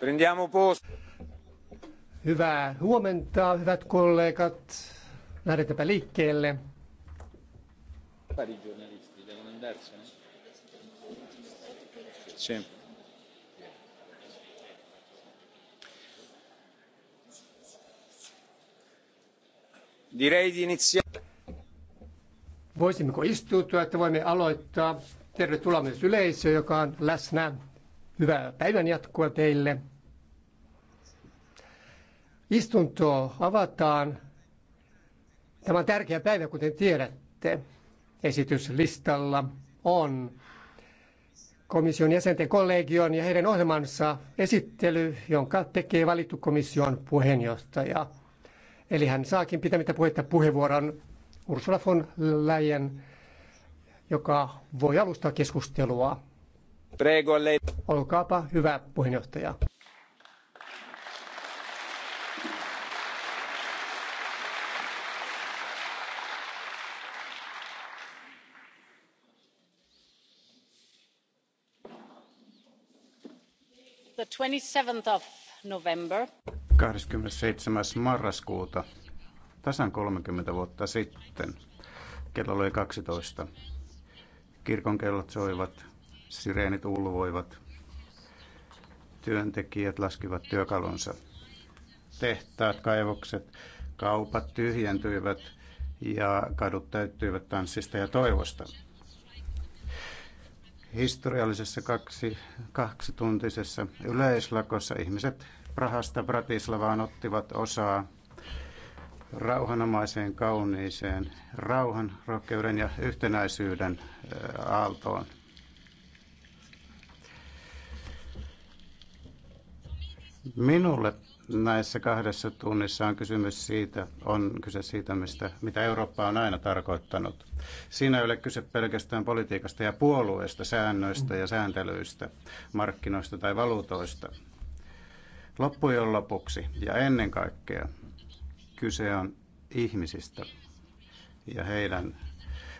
Prendiamo posto. Hyvää huomenta, hyvät kollegat. Lähdetäänpä liikkeelle. Direi di iniziare. Voisimmeko istuutua, että voimme aloittaa. Tervetuloa myös yleisö, joka on läsnä Hyvää päivän jatkoa teille. Istunto avataan. Tämä on tärkeä päivä, kuten tiedätte. Esityslistalla on komission jäsenten kollegion ja heidän ohjelmansa esittely, jonka tekee valittu komission puheenjohtaja. Eli hän saakin pitämättä puhetta puheenvuoron Ursula von Leyen, joka voi alustaa keskustelua. Olkaapa hyvä puheenjohtaja. The 27th of November. 27. marraskuuta, tasan 30 vuotta sitten, kello oli 12. Kirkon kellot soivat sireenit ulvoivat, työntekijät laskivat työkalunsa. Tehtaat, kaivokset, kaupat tyhjentyivät ja kadut täyttyivät tanssista ja toivosta. Historiallisessa kaksi, kaksituntisessa yleislakossa ihmiset Prahasta Bratislavaan ottivat osaa rauhanomaiseen, kauniiseen, rauhan, rohkeuden ja yhtenäisyyden aaltoon. Minulle näissä kahdessa tunnissa on kysymys siitä, on kyse siitä, mistä, mitä Eurooppa on aina tarkoittanut. Siinä ei ole kyse pelkästään politiikasta ja puolueesta, säännöistä ja sääntelyistä, markkinoista tai valuutoista. Loppujen lopuksi ja ennen kaikkea kyse on ihmisistä ja heidän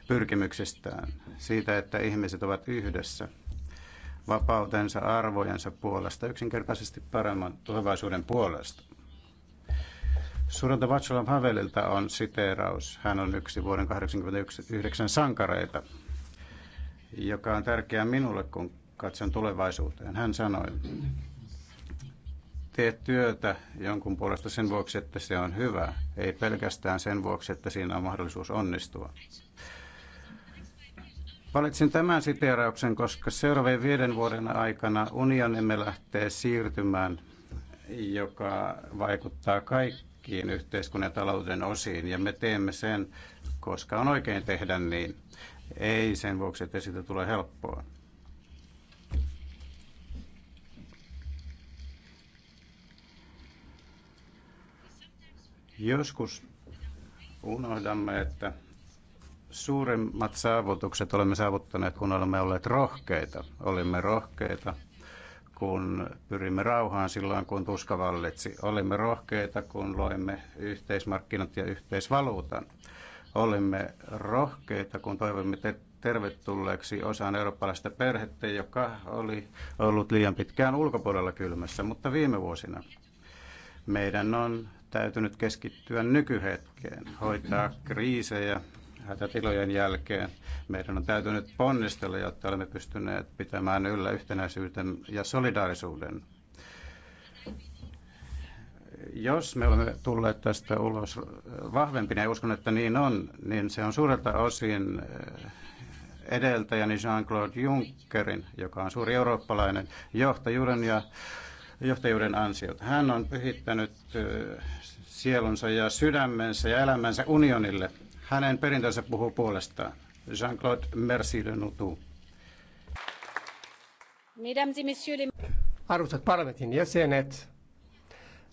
pyrkimyksistään, siitä, että ihmiset ovat yhdessä – vapautensa, arvojensa puolesta, yksinkertaisesti paremman tulevaisuuden puolesta. Suranta Václav Havelilta on siteeraus. Hän on yksi vuoden 1989 sankareita, joka on tärkeää minulle, kun katson tulevaisuuteen. Hän sanoi, tee työtä jonkun puolesta sen vuoksi, että se on hyvä, ei pelkästään sen vuoksi, että siinä on mahdollisuus onnistua. Valitsin tämän siteerauksen, koska seuraavien viiden vuoden aikana unionimme lähtee siirtymään, joka vaikuttaa kaikkiin yhteiskunnan ja talouden osiin, ja me teemme sen, koska on oikein tehdä niin. Ei sen vuoksi, että siitä tulee helppoa. Joskus unohdamme, että suurimmat saavutukset olemme saavuttaneet, kun olemme olleet rohkeita. Olimme rohkeita, kun pyrimme rauhaan silloin, kun tuska vallitsi. Olimme rohkeita, kun loimme yhteismarkkinat ja yhteisvaluutan. Olimme rohkeita, kun toivomme te- tervetulleeksi osaan eurooppalaista perhettä, joka oli ollut liian pitkään ulkopuolella kylmässä, mutta viime vuosina meidän on täytynyt keskittyä nykyhetkeen, hoitaa kriisejä, hätätilojen jälkeen. Meidän on täytynyt ponnistella, jotta olemme pystyneet pitämään yllä yhtenäisyyden ja solidaarisuuden. Jos me olemme tulleet tästä ulos vahvempina, ja uskon, että niin on, niin se on suurelta osin eh, edeltäjäni Jean-Claude Junckerin, joka on suuri eurooppalainen johtajuuden ja johtajuuden ansiot. Hän on pyhittänyt eh, sielunsa ja sydämensä ja elämänsä unionille hänen perintönsä puhuu puolestaan. Jean-Claude Merci de Noutou. Arvoisat parlamentin jäsenet,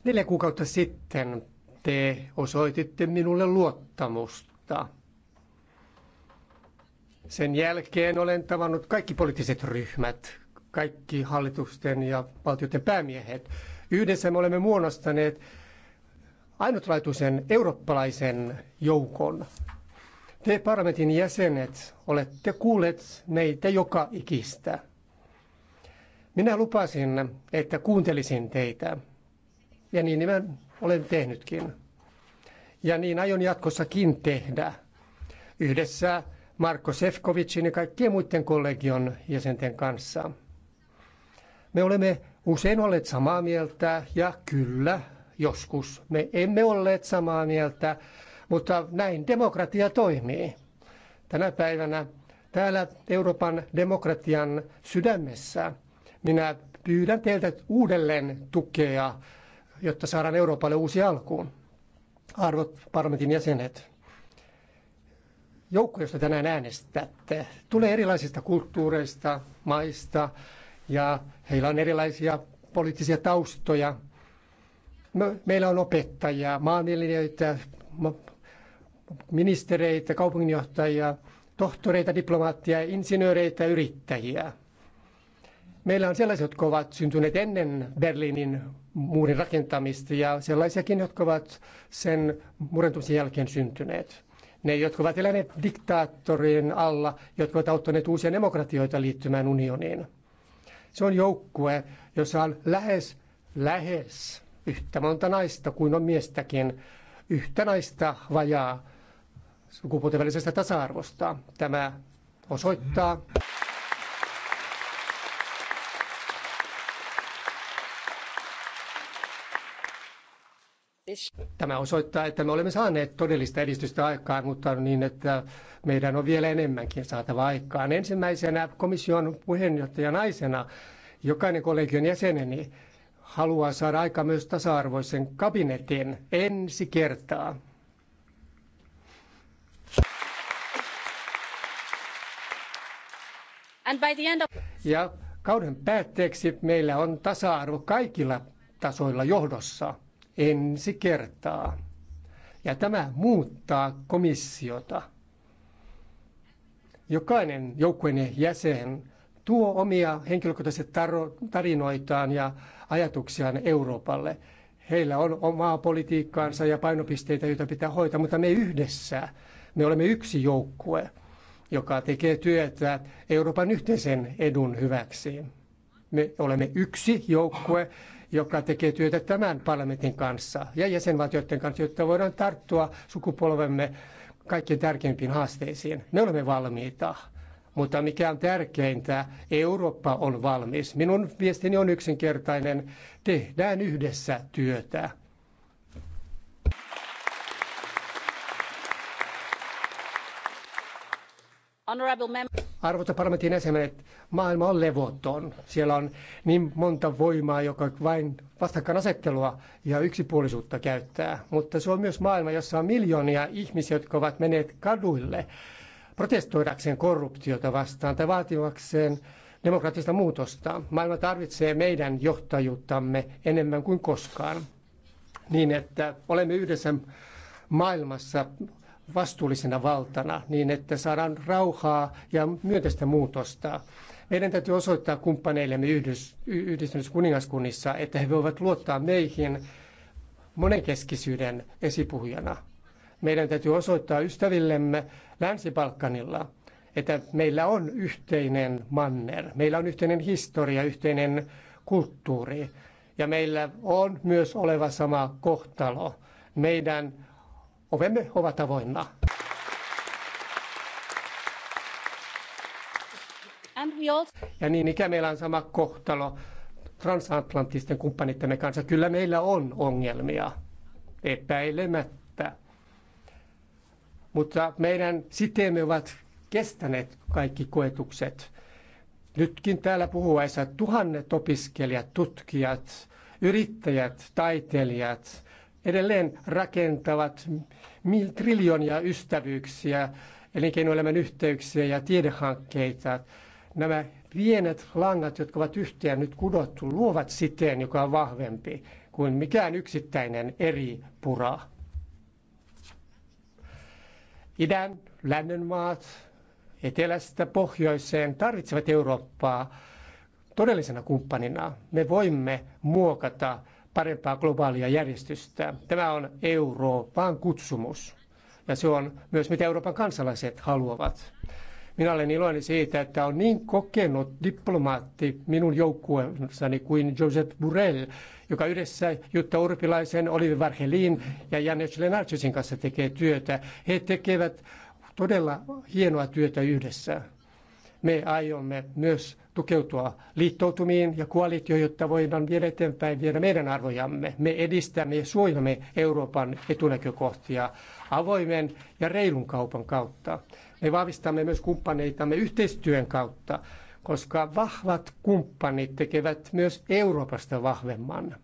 neljä kuukautta sitten te osoititte minulle luottamusta. Sen jälkeen olen tavannut kaikki poliittiset ryhmät, kaikki hallitusten ja valtioiden päämiehet. Yhdessä me olemme muodostaneet ainutlaatuisen eurooppalaisen joukon. Te parlamentin jäsenet olette kuulleet meitä joka ikistä. Minä lupasin, että kuuntelisin teitä. Ja niin minä olen tehnytkin. Ja niin aion jatkossakin tehdä. Yhdessä Marko Sefkovicin ja kaikkien muiden kollegion jäsenten kanssa. Me olemme usein olleet samaa mieltä ja kyllä joskus. Me emme olleet samaa mieltä, mutta näin demokratia toimii. Tänä päivänä täällä Euroopan demokratian sydämessä minä pyydän teiltä uudelleen tukea, jotta saadaan Euroopalle uusi alkuun. Arvot parlamentin jäsenet, joukko, josta tänään äänestätte, tulee erilaisista kulttuureista, maista ja heillä on erilaisia poliittisia taustoja – meillä on opettajia, maanviljelijöitä, ministereitä, kaupunginjohtajia, tohtoreita, diplomaattia, insinööreitä, yrittäjiä. Meillä on sellaisia, jotka ovat syntyneet ennen Berliinin muurin rakentamista ja sellaisiakin, jotka ovat sen murentumisen jälkeen syntyneet. Ne, jotka ovat eläneet diktaattorien alla, jotka ovat auttaneet uusia demokratioita liittymään unioniin. Se on joukkue, jossa on lähes, lähes yhtä monta naista kuin on miestäkin, yhtä naista vajaa sukupuolten välisestä tasa-arvosta. Tämä osoittaa, Tämä osoittaa, että me olemme saaneet todellista edistystä aikaan, mutta niin, että meidän on vielä enemmänkin saatava aikaan. Ensimmäisenä komission puheenjohtaja naisena jokainen kollegion jäseneni haluaa saada aika myös tasa-arvoisen kabinetin ensi kertaa. Ja kauden päätteeksi meillä on tasa-arvo kaikilla tasoilla johdossa ensi kertaa. Ja tämä muuttaa komissiota. Jokainen joukkueen jäsen tuo omia henkilökohtaisia tarinoitaan ja ajatuksiaan Euroopalle. Heillä on omaa politiikkaansa ja painopisteitä, joita pitää hoitaa, mutta me yhdessä, me olemme yksi joukkue, joka tekee työtä Euroopan yhteisen edun hyväksi. Me olemme yksi joukkue, joka tekee työtä tämän parlamentin kanssa ja jäsenvaltioiden kanssa, jotta voidaan tarttua sukupolvemme kaikkein tärkeimpiin haasteisiin. Me olemme valmiita mutta mikä on tärkeintä, Eurooppa on valmis. Minun viestini on yksinkertainen. Tehdään yhdessä työtä. Arvoisa parlamentin jäsenet, maailma on levoton. Siellä on niin monta voimaa, joka vain vastakkainasettelua ja yksipuolisuutta käyttää. Mutta se on myös maailma, jossa on miljoonia ihmisiä, jotka ovat menneet kaduille protestoidakseen korruptiota vastaan tai vaativakseen demokraattista muutosta. Maailma tarvitsee meidän johtajuuttamme enemmän kuin koskaan, niin että olemme yhdessä maailmassa vastuullisena valtana, niin että saadaan rauhaa ja myönteistä muutosta. Meidän täytyy osoittaa kumppaneillemme yhdys, yhdistyneissä kuningaskunnissa, että he voivat luottaa meihin monenkeskisyyden esipuhujana. Meidän täytyy osoittaa ystävillemme Länsi-Balkanilla, että meillä on yhteinen manner, meillä on yhteinen historia, yhteinen kulttuuri ja meillä on myös oleva sama kohtalo. Meidän ovemme ovat avoinna. Ja niin ikä meillä on sama kohtalo transatlanttisten kumppanittemme kanssa. Kyllä meillä on ongelmia, epäilemättä mutta meidän siteemme ovat kestäneet kaikki koetukset. Nytkin täällä puhuessa tuhannet opiskelijat, tutkijat, yrittäjät, taiteilijat edelleen rakentavat triljoonia ystävyyksiä, elinkeinoelämän yhteyksiä ja tiedehankkeita. Nämä pienet langat, jotka ovat yhteen nyt kudottu, luovat siteen, joka on vahvempi kuin mikään yksittäinen eri pura idän, lännen maat, etelästä pohjoiseen tarvitsevat Eurooppaa todellisena kumppanina. Me voimme muokata parempaa globaalia järjestystä. Tämä on Euroopan kutsumus. Ja se on myös mitä Euroopan kansalaiset haluavat. Minä olen iloinen siitä, että on niin kokenut diplomaatti minun joukkueessani kuin Joseph Burrell, joka yhdessä Jutta Urpilaisen, Olivi Varhelin ja Janet Lenarchisin kanssa tekee työtä. He tekevät todella hienoa työtä yhdessä. Me aiomme myös tukeutua liittoutumiin ja koalitioon, jotta voidaan viedä eteenpäin viedä meidän arvojamme. Me edistämme ja suojamme Euroopan etunäkökohtia avoimen ja reilun kaupan kautta. Me vahvistamme myös kumppaneitamme yhteistyön kautta, koska vahvat kumppanit tekevät myös Euroopasta vahvemman.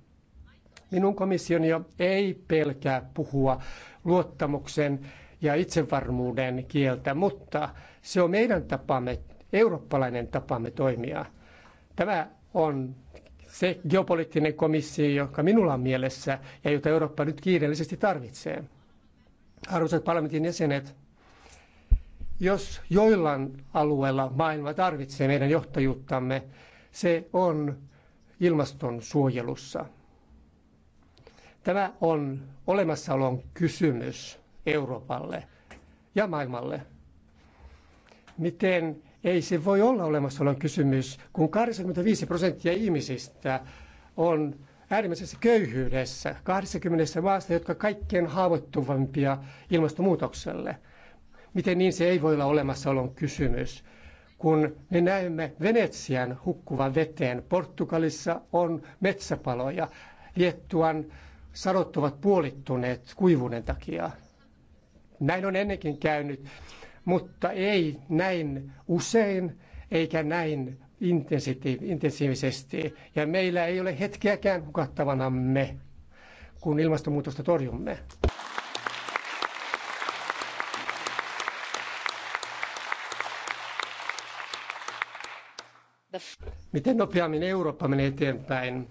Minun komissioni ei pelkää puhua luottamuksen ja itsevarmuuden kieltä, mutta se on meidän tapamme, eurooppalainen tapamme toimia. Tämä on se geopoliittinen komissio, joka minulla on mielessä ja jota Eurooppa nyt kiireellisesti tarvitsee. Arvoisat parlamentin jäsenet, jos joillain alueella maailma tarvitsee meidän johtajuuttamme, se on ilmaston suojelussa. Tämä on olemassaolon kysymys Euroopalle ja maailmalle. Miten ei se voi olla olemassaolon kysymys, kun 85 prosenttia ihmisistä on äärimmäisessä köyhyydessä 20 maassa, jotka kaikkein haavoittuvampia ilmastonmuutokselle – miten niin se ei voi olla olemassaolon kysymys. Kun me näemme Venetsian hukkuvan veteen, Portugalissa on metsäpaloja, Liettuan sadot ovat puolittuneet kuivuuden takia. Näin on ennenkin käynyt, mutta ei näin usein eikä näin intensiivisesti. Ja meillä ei ole hetkeäkään hukattavanamme, kun ilmastonmuutosta torjumme. Miten nopeammin Eurooppa menee eteenpäin,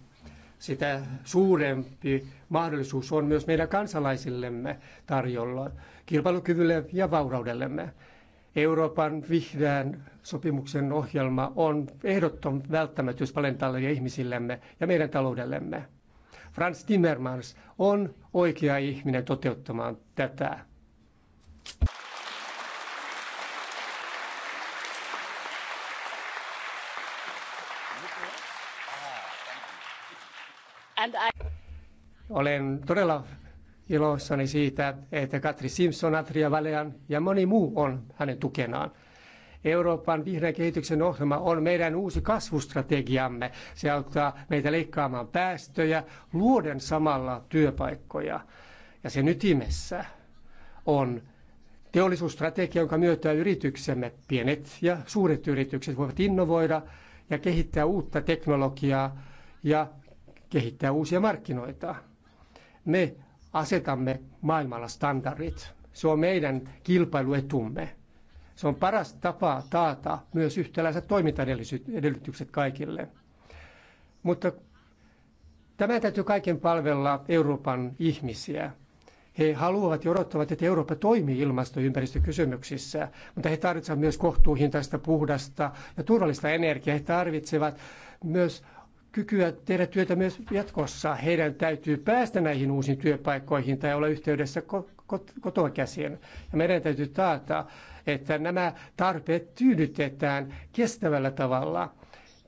sitä suurempi mahdollisuus on myös meidän kansalaisillemme tarjolla, kilpailukyvylle ja vauraudellemme. Euroopan vihreän sopimuksen ohjelma on ehdoton välttämättömyys palentalle ja ihmisillemme ja meidän taloudellemme. Franz Timmermans on oikea ihminen toteuttamaan tätä. Olen todella iloissani siitä, että Katri Simpson, Atria Valean ja moni muu on hänen tukenaan. Euroopan vihreän kehityksen ohjelma on meidän uusi kasvustrategiamme. Se auttaa meitä leikkaamaan päästöjä, luoden samalla työpaikkoja. Ja sen ytimessä on teollisuusstrategia, jonka myötä yrityksemme, pienet ja suuret yritykset, voivat innovoida ja kehittää uutta teknologiaa ja kehittää uusia markkinoita. Me asetamme maailmalla standardit. Se on meidän kilpailuetumme. Se on paras tapa taata myös yhtäläiset toimintaedellytykset kaikille. Mutta tämä täytyy kaiken palvella Euroopan ihmisiä. He haluavat ja odottavat, että Eurooppa toimii ilmasto- ja ympäristökysymyksissä, mutta he tarvitsevat myös kohtuuhintaista, puhdasta ja turvallista energiaa. He tarvitsevat myös kykyä tehdä työtä myös jatkossa. Heidän täytyy päästä näihin uusiin työpaikkoihin tai olla yhteydessä kotoa käsin. Ja meidän täytyy taata, että nämä tarpeet tyydytetään kestävällä tavalla.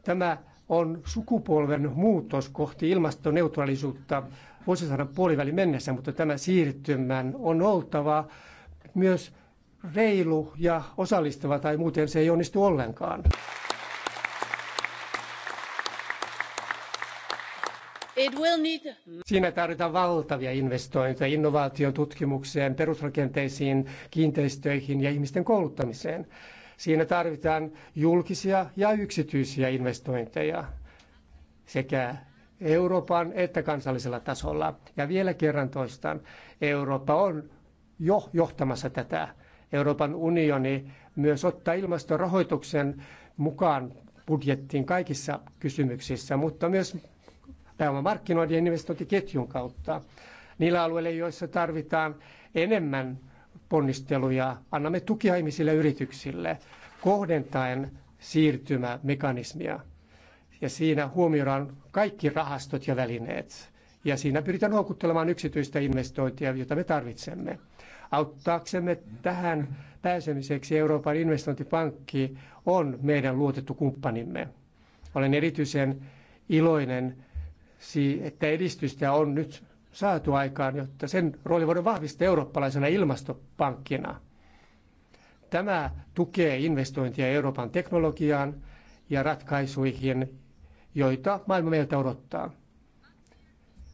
Tämä on sukupolven muutos kohti ilmastoneutraalisuutta vuosisadan puoliväli mennessä, mutta tämä siirtymän on oltava myös reilu ja osallistava tai muuten se ei onnistu ollenkaan. Siinä tarvitaan valtavia investointeja innovaation tutkimukseen, perusrakenteisiin, kiinteistöihin ja ihmisten kouluttamiseen. Siinä tarvitaan julkisia ja yksityisiä investointeja sekä Euroopan että kansallisella tasolla. Ja vielä kerran toistan, Eurooppa on jo johtamassa tätä. Euroopan unioni myös ottaa ilmastorahoituksen mukaan budjettiin kaikissa kysymyksissä, mutta myös pääomamarkkinoiden ja investointiketjun kautta. Niillä alueilla, joissa tarvitaan enemmän ponnisteluja, annamme tukia ihmisille yrityksille kohdentaen siirtymämekanismia. Ja siinä huomioidaan kaikki rahastot ja välineet. Ja siinä pyritään houkuttelemaan yksityistä investointia, jota me tarvitsemme. Auttaaksemme tähän pääsemiseksi Euroopan investointipankki on meidän luotettu kumppanimme. Olen erityisen iloinen että edistystä on nyt saatu aikaan, jotta sen rooli voidaan vahvistaa eurooppalaisena ilmastopankkina. Tämä tukee investointia Euroopan teknologiaan ja ratkaisuihin, joita maailma meiltä odottaa.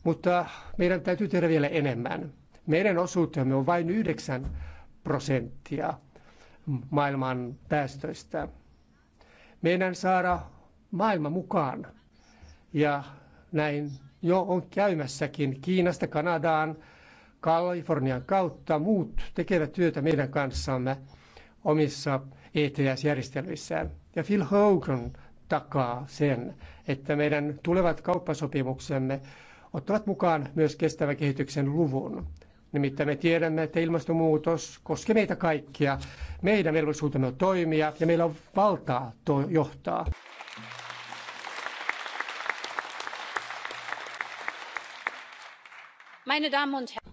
Mutta meidän täytyy tehdä vielä enemmän. Meidän osuutemme on vain 9 prosenttia maailman päästöistä. Meidän saada maailma mukaan ja näin jo on käymässäkin Kiinasta Kanadaan, Kalifornian kautta. Muut tekevät työtä meidän kanssamme omissa ETS-järjestelyissään. Ja Phil Hogan takaa sen, että meidän tulevat kauppasopimuksemme ottavat mukaan myös kestävän kehityksen luvun. Nimittäin me tiedämme, että ilmastonmuutos koskee meitä kaikkia. Meidän velvollisuutemme on toimia ja meillä on valtaa to- johtaa.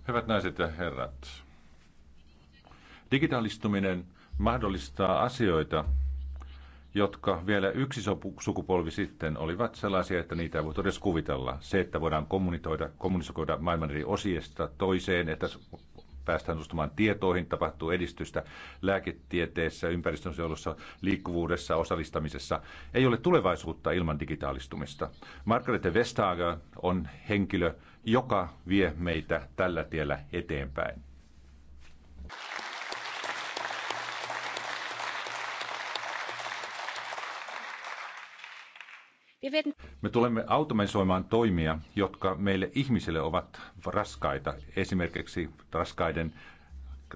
Hyvät naiset ja herrat, digitaalistuminen mahdollistaa asioita, jotka vielä yksi sukupolvi sitten olivat sellaisia, että niitä ei voi edes kuvitella. Se, että voidaan kommunikoida, kommunisoida maailman eri osiesta toiseen, että päästään tutustumaan tietoihin, tapahtuu edistystä lääketieteessä, ympäristönsuojelussa, liikkuvuudessa, osallistamisessa. Ei ole tulevaisuutta ilman digitaalistumista. Margarete Vestager on henkilö, joka vie meitä tällä tiellä eteenpäin. Me tulemme automatisoimaan toimia, jotka meille ihmisille ovat raskaita, esimerkiksi raskaiden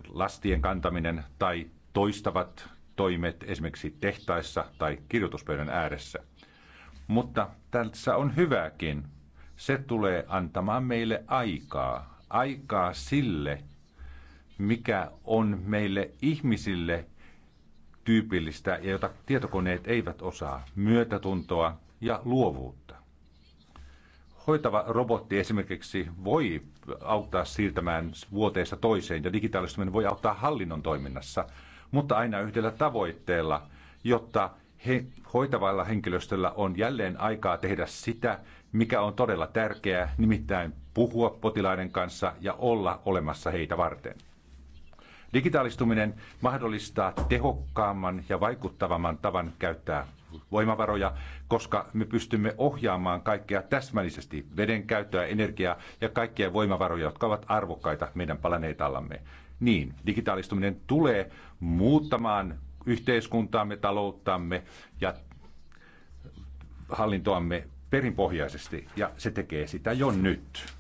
lastien kantaminen tai toistavat toimet esimerkiksi tehtaissa tai kirjoituspöydän ääressä. Mutta tässä on hyvääkin. Se tulee antamaan meille aikaa, aikaa sille, mikä on meille ihmisille tyypillistä ja jota tietokoneet eivät osaa, myötätuntoa ja luovuutta. Hoitava robotti esimerkiksi voi auttaa siirtämään vuoteesta toiseen ja digitaalistuminen voi auttaa hallinnon toiminnassa, mutta aina yhdellä tavoitteella, jotta he, hoitavalla henkilöstöllä on jälleen aikaa tehdä sitä, mikä on todella tärkeää, nimittäin puhua potilaiden kanssa ja olla olemassa heitä varten. Digitaalistuminen mahdollistaa tehokkaamman ja vaikuttavamman tavan käyttää voimavaroja, koska me pystymme ohjaamaan kaikkea täsmällisesti, veden käyttöä, energiaa ja kaikkia voimavaroja, jotka ovat arvokkaita meidän planeetallamme. Niin, digitaalistuminen tulee muuttamaan yhteiskuntaamme, talouttamme ja hallintoamme perinpohjaisesti ja se tekee sitä jo nyt,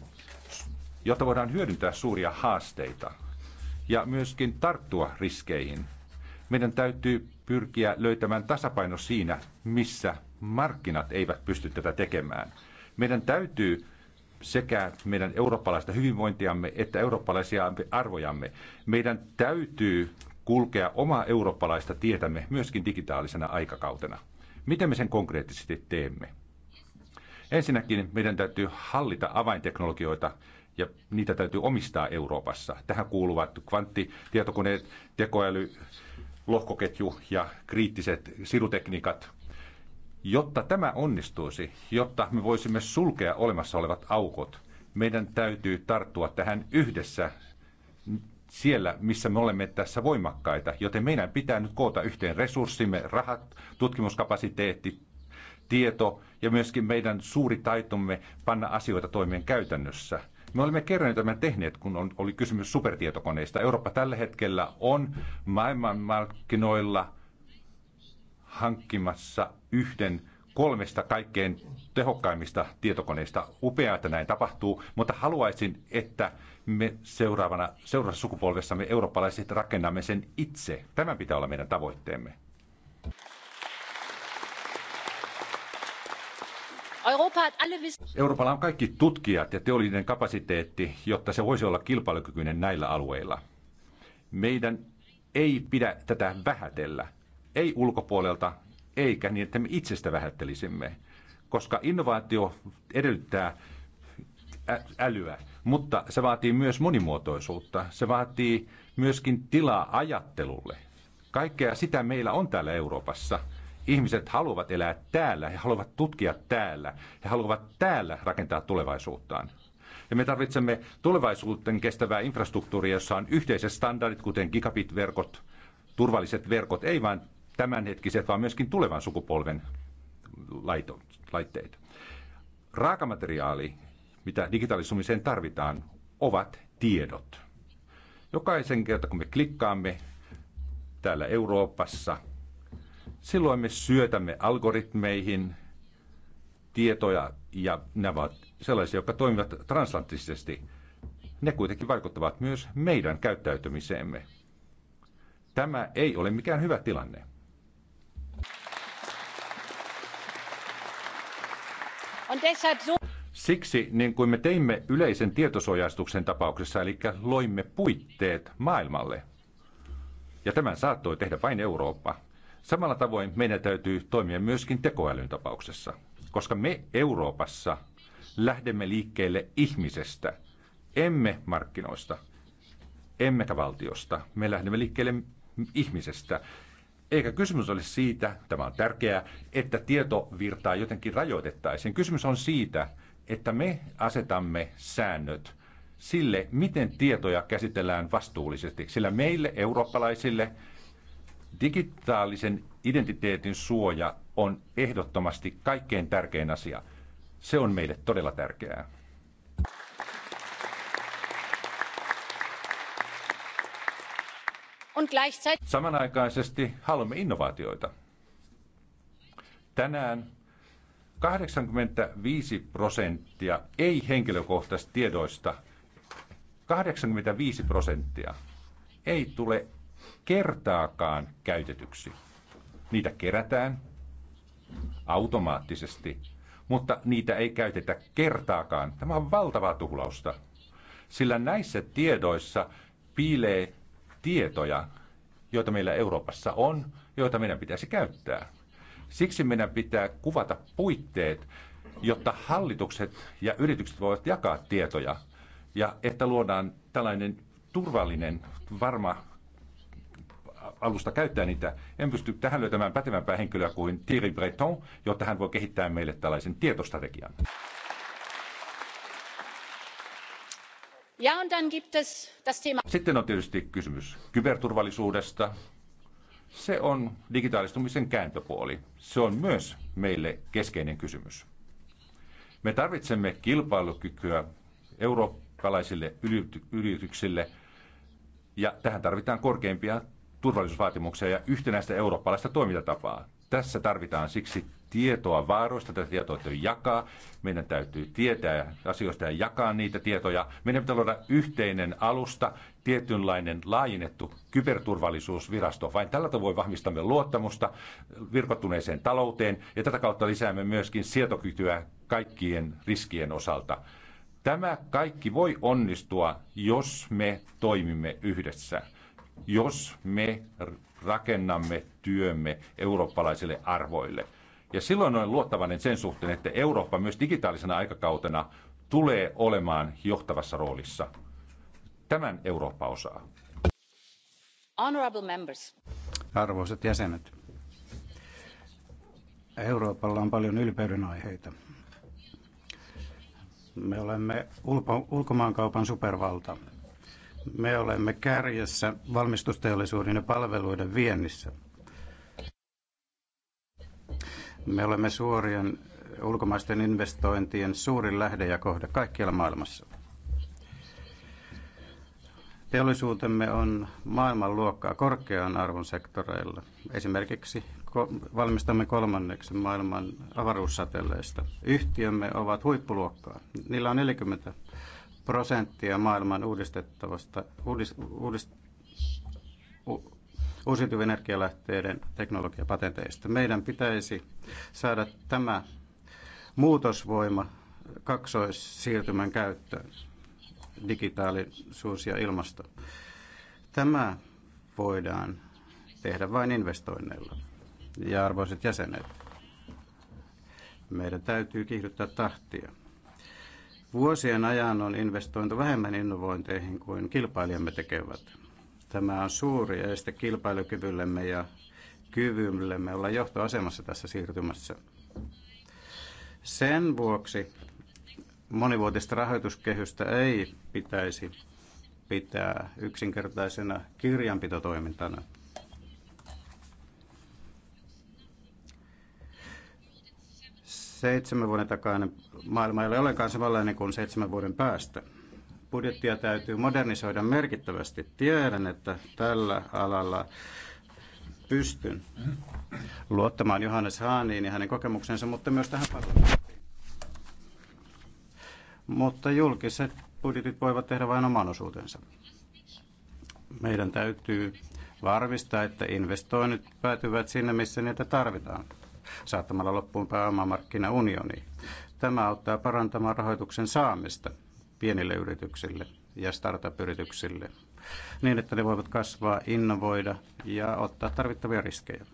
jotta voidaan hyödyntää suuria haasteita ja myöskin tarttua riskeihin. Meidän täytyy pyrkiä löytämään tasapaino siinä, missä markkinat eivät pysty tätä tekemään. Meidän täytyy sekä meidän eurooppalaista hyvinvointiamme että eurooppalaisia arvojamme. Meidän täytyy kulkea omaa eurooppalaista tietämme myöskin digitaalisena aikakautena. Miten me sen konkreettisesti teemme? Ensinnäkin meidän täytyy hallita avainteknologioita ja niitä täytyy omistaa Euroopassa. Tähän kuuluvat kvanttitietokoneet, tekoäly, lohkoketju ja kriittiset sirutekniikat. Jotta tämä onnistuisi, jotta me voisimme sulkea olemassa olevat aukot, meidän täytyy tarttua tähän yhdessä siellä, missä me olemme tässä voimakkaita, joten meidän pitää nyt koota yhteen resurssimme, rahat, tutkimuskapasiteetti, tieto ja myöskin meidän suuri taitomme panna asioita toimeen käytännössä. Me olemme kerran tämän tehneet, kun on, oli kysymys supertietokoneista. Eurooppa tällä hetkellä on maailmanmarkkinoilla hankkimassa yhden kolmesta kaikkein tehokkaimmista tietokoneista. Upeaa, että näin tapahtuu, mutta haluaisin, että me seuraavana, seuraavassa sukupolvessa me eurooppalaiset rakennamme sen itse. Tämä pitää olla meidän tavoitteemme. Euroopalla on kaikki tutkijat ja teollinen kapasiteetti, jotta se voisi olla kilpailukykyinen näillä alueilla. Meidän ei pidä tätä vähätellä, ei ulkopuolelta, eikä niin, että me itsestä vähättelisimme, koska innovaatio edellyttää älyä, mutta se vaatii myös monimuotoisuutta. Se vaatii myöskin tilaa ajattelulle. Kaikkea sitä meillä on täällä Euroopassa – Ihmiset haluavat elää täällä, he haluavat tutkia täällä, he haluavat täällä rakentaa tulevaisuuttaan. Ja me tarvitsemme tulevaisuuden kestävää infrastruktuuria, jossa on yhteiset standardit, kuten gigabit-verkot, turvalliset verkot, ei vain tämänhetkiset, vaan myöskin tulevan sukupolven laito, laitteet. Raakamateriaali, mitä digitaalisuumiseen tarvitaan, ovat tiedot. Jokaisen kerta, kun me klikkaamme täällä Euroopassa – Silloin me syötämme algoritmeihin tietoja ja ne ovat sellaisia, jotka toimivat translanttisesti. Ne kuitenkin vaikuttavat myös meidän käyttäytymiseemme. Tämä ei ole mikään hyvä tilanne. Siksi, niin kuin me teimme yleisen tietosuojastuksen tapauksessa, eli loimme puitteet maailmalle. Ja tämän saattoi tehdä vain Eurooppa. Samalla tavoin meidän täytyy toimia myöskin tekoälyn tapauksessa, koska me Euroopassa lähdemme liikkeelle ihmisestä, emme markkinoista, emmekä valtiosta. Me lähdemme liikkeelle ihmisestä. Eikä kysymys ole siitä, tämä on tärkeää, että tietovirtaa jotenkin rajoitettaisiin. Kysymys on siitä, että me asetamme säännöt sille, miten tietoja käsitellään vastuullisesti, sillä meille eurooppalaisille – Digitaalisen identiteetin suoja on ehdottomasti kaikkein tärkein asia. Se on meille todella tärkeää. Samanaikaisesti haluamme innovaatioita. Tänään 85 prosenttia ei henkilökohtaisista tiedoista, 85 prosenttia ei tule kertaakaan käytetyksi. Niitä kerätään automaattisesti, mutta niitä ei käytetä kertaakaan. Tämä on valtavaa tuhlausta, sillä näissä tiedoissa piilee tietoja, joita meillä Euroopassa on, joita meidän pitäisi käyttää. Siksi meidän pitää kuvata puitteet, jotta hallitukset ja yritykset voivat jakaa tietoja ja että luodaan tällainen turvallinen, varma alusta käyttää niitä. En pysty tähän löytämään pätevämpää henkilöä kuin Thierry Breton, jotta hän voi kehittää meille tällaisen tietostrategian. Sitten on tietysti kysymys kyberturvallisuudesta. Se on digitaalistumisen kääntöpuoli. Se on myös meille keskeinen kysymys. Me tarvitsemme kilpailukykyä eurooppalaisille yrityksille ja tähän tarvitaan korkeimpia turvallisuusvaatimuksia ja yhtenäistä eurooppalaista toimintatapaa. Tässä tarvitaan siksi tietoa vaaroista, tätä tietoa täytyy jakaa. Meidän täytyy tietää asioista ja jakaa niitä tietoja. Meidän pitää luoda yhteinen alusta, tietynlainen laajennettu kyberturvallisuusvirasto. Vain tällä tavoin vahvistamme luottamusta virkottuneeseen talouteen ja tätä kautta lisäämme myöskin sietokykyä kaikkien riskien osalta. Tämä kaikki voi onnistua, jos me toimimme yhdessä jos me rakennamme työmme eurooppalaisille arvoille. Ja silloin olen luottavainen sen suhteen, että Eurooppa myös digitaalisena aikakautena tulee olemaan johtavassa roolissa. Tämän Eurooppa osaa. Arvoisat jäsenet, Euroopalla on paljon ylpeyden aiheita. Me olemme ulko- ulkomaankaupan supervalta me olemme kärjessä valmistusteollisuuden ja palveluiden viennissä. Me olemme suorien ulkomaisten investointien suurin lähde ja kohde kaikkialla maailmassa. Teollisuutemme on maailmanluokkaa korkean arvon sektoreilla. Esimerkiksi valmistamme kolmanneksi maailman avaruussatelleista. Yhtiömme ovat huippuluokkaa. Niillä on 40 prosenttia maailman uudistettavasta, uudis, uudist, u, uusiutuvien energialähteiden teknologiapatenteista. Meidän pitäisi saada tämä muutosvoima kaksoissiirtymän käyttöön, digitaalisuus ja ilmasto. Tämä voidaan tehdä vain investoinneilla. Ja arvoisat jäsenet, meidän täytyy kiihdyttää tahtia. Vuosien ajan on investointu vähemmän innovointeihin kuin kilpailijamme tekevät. Tämä on suuri este kilpailukyvyllemme ja kyvyllemme olla johtoasemassa tässä siirtymässä. Sen vuoksi monivuotista rahoituskehystä ei pitäisi pitää yksinkertaisena kirjanpitotoimintana – Seitsemän vuoden takainen maailma ei ole ollenkaan samanlainen kuin seitsemän vuoden päästä. Budjettia täytyy modernisoida merkittävästi. Tiedän, että tällä alalla pystyn luottamaan Johannes Haaniin ja hänen kokemuksensa, mutta myös tähän parlamenttiin. Mutta julkiset budjetit voivat tehdä vain oman osuutensa. Meidän täytyy varmistaa, että investoinnit päätyvät sinne, missä niitä tarvitaan saattamalla loppuun pääomamarkkinaunioni. Tämä auttaa parantamaan rahoituksen saamista pienille yrityksille ja startup-yrityksille niin, että ne voivat kasvaa, innovoida ja ottaa tarvittavia riskejä.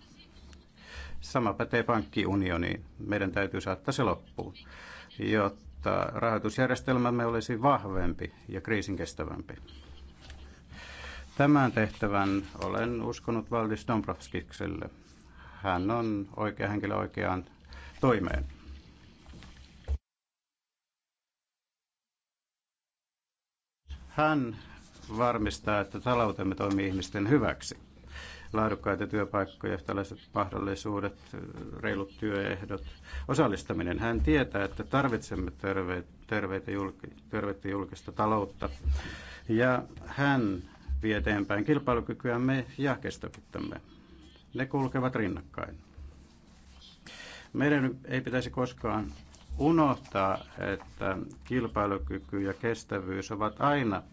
Sama pätee pankkiunioniin. Meidän täytyy saattaa se loppuun, jotta rahoitusjärjestelmämme olisi vahvempi ja kriisin kestävämpi. Tämän tehtävän olen uskonut Valdis Dombrovskikselle – hän on oikea henkilö oikeaan toimeen. Hän varmistaa, että taloutemme toimii ihmisten hyväksi. Laadukkaita työpaikkoja, tällaiset mahdollisuudet, reilut työehdot, osallistaminen. Hän tietää, että tarvitsemme terveitä, terveitä julkista taloutta. Ja hän vie eteenpäin kilpailukykyämme ja kestävyyttämme. Ne kulkevat rinnakkain. Meidän ei pitäisi koskaan unohtaa, että kilpailukyky ja kestävyys ovat aina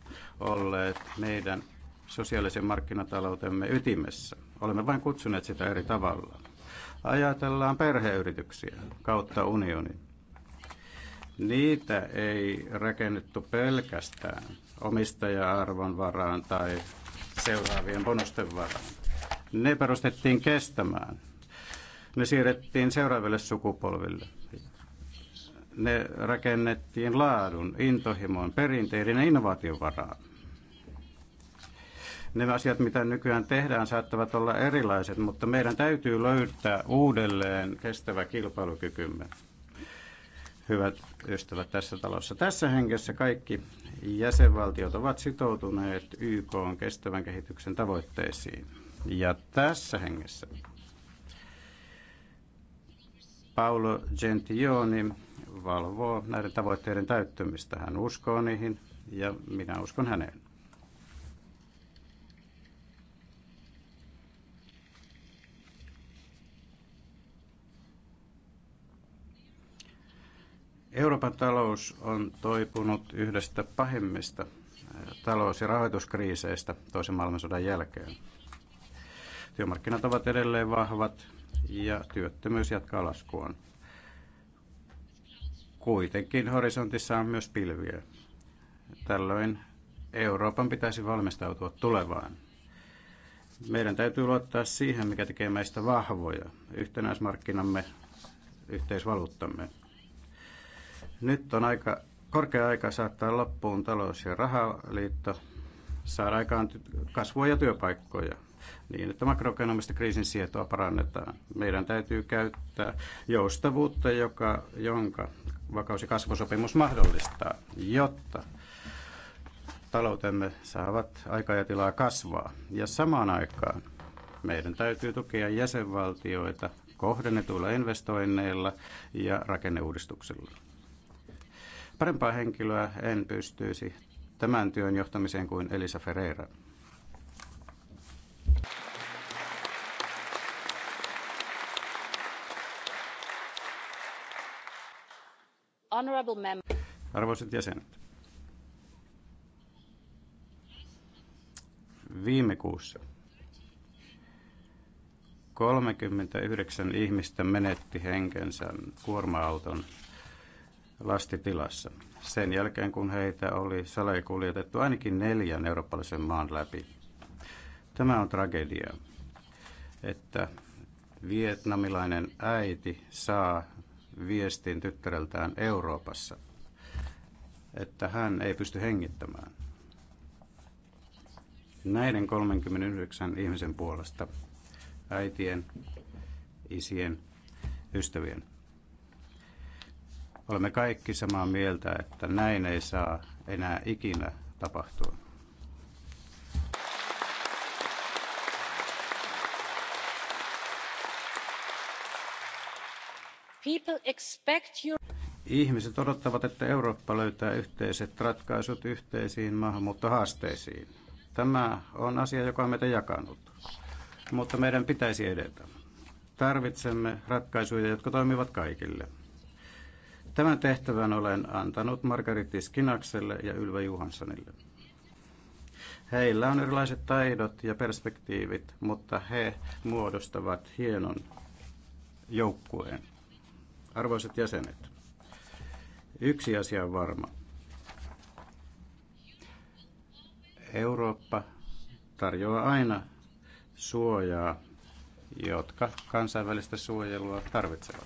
olleet meidän sosiaalisen markkinataloutemme ytimessä. Olemme vain kutsuneet sitä eri tavalla. Ajatellaan perheyrityksiä kautta unionin. Niitä ei rakennettu pelkästään omistaja-arvon varaan tai seuraavien bonusten varaan. Ne perustettiin kestämään. Ne siirrettiin seuraaville sukupolville. Ne rakennettiin laadun, intohimon, perinteiden ja innovaation varaan. Ne asiat, mitä nykyään tehdään, saattavat olla erilaiset, mutta meidän täytyy löytää uudelleen kestävä kilpailukykymme hyvät ystävät tässä talossa. Tässä hengessä kaikki jäsenvaltiot ovat sitoutuneet YK on kestävän kehityksen tavoitteisiin. Ja tässä hengessä Paolo Gentioni valvoo näiden tavoitteiden täyttymistä. Hän uskoo niihin ja minä uskon häneen. Euroopan talous on toipunut yhdestä pahimmista talous- ja rahoituskriiseistä toisen maailmansodan jälkeen. Työmarkkinat ovat edelleen vahvat ja työttömyys jatkaa laskuaan. Kuitenkin horisontissa on myös pilviä. Tällöin Euroopan pitäisi valmistautua tulevaan. Meidän täytyy luottaa siihen, mikä tekee meistä vahvoja, yhtenäismarkkinamme, yhteisvaluuttamme. Nyt on aika, korkea aika saattaa loppuun talous- ja rahaliitto, saada aikaan kasvua ja työpaikkoja niin, että makroekonomista kriisin sietoa parannetaan. Meidän täytyy käyttää joustavuutta, joka, jonka vakaus- ja kasvusopimus mahdollistaa, jotta taloutemme saavat aikaa ja tilaa kasvaa. Ja samaan aikaan meidän täytyy tukea jäsenvaltioita kohdennetuilla investoinneilla ja rakenneuudistuksilla. Parempaa henkilöä en pystyisi tämän työn johtamiseen kuin Elisa Ferreira. Arvoisat jäsenet, viime kuussa 39 ihmistä menetti henkensä kuorma-auton lastitilassa sen jälkeen, kun heitä oli salakuljetettu ainakin neljän eurooppalaisen maan läpi. Tämä on tragedia, että vietnamilainen äiti saa viestin tyttäreltään Euroopassa, että hän ei pysty hengittämään. Näiden 39 ihmisen puolesta, äitien, isien, ystävien, olemme kaikki samaa mieltä, että näin ei saa enää ikinä tapahtua. Ihmiset odottavat, että Eurooppa löytää yhteiset ratkaisut yhteisiin maahanmuuttohaasteisiin. Tämä on asia, joka on meitä jakanut, mutta meidän pitäisi edetä. Tarvitsemme ratkaisuja, jotka toimivat kaikille. Tämän tehtävän olen antanut Margaritis Kinakselle ja Ylvä Johanssonille. Heillä on erilaiset taidot ja perspektiivit, mutta he muodostavat hienon joukkueen. Arvoisat jäsenet, yksi asia on varma. Eurooppa tarjoaa aina suojaa, jotka kansainvälistä suojelua tarvitsevat.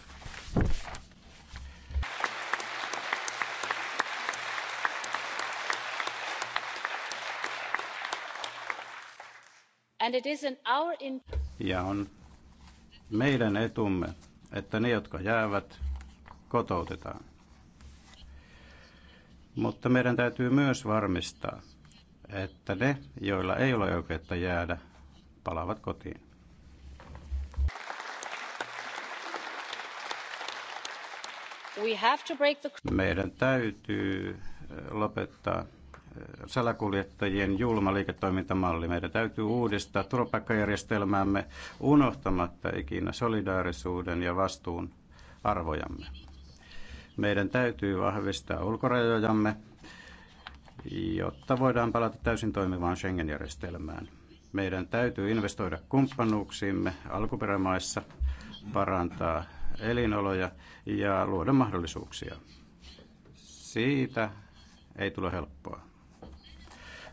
Ja on meidän etumme että ne, jotka jäävät, kotoutetaan. Mutta meidän täytyy myös varmistaa, että ne, joilla ei ole oikeutta jäädä, palaavat kotiin. Meidän täytyy lopettaa salakuljettajien julma liiketoimintamalli. Meidän täytyy uudistaa turvapaikkajärjestelmäämme unohtamatta ikinä solidaarisuuden ja vastuun arvojamme. Meidän täytyy vahvistaa ulkorajojamme, jotta voidaan palata täysin toimivaan Schengen-järjestelmään. Meidän täytyy investoida kumppanuuksiimme alkuperämaissa, parantaa elinoloja ja luoda mahdollisuuksia. Siitä ei tule helppoa.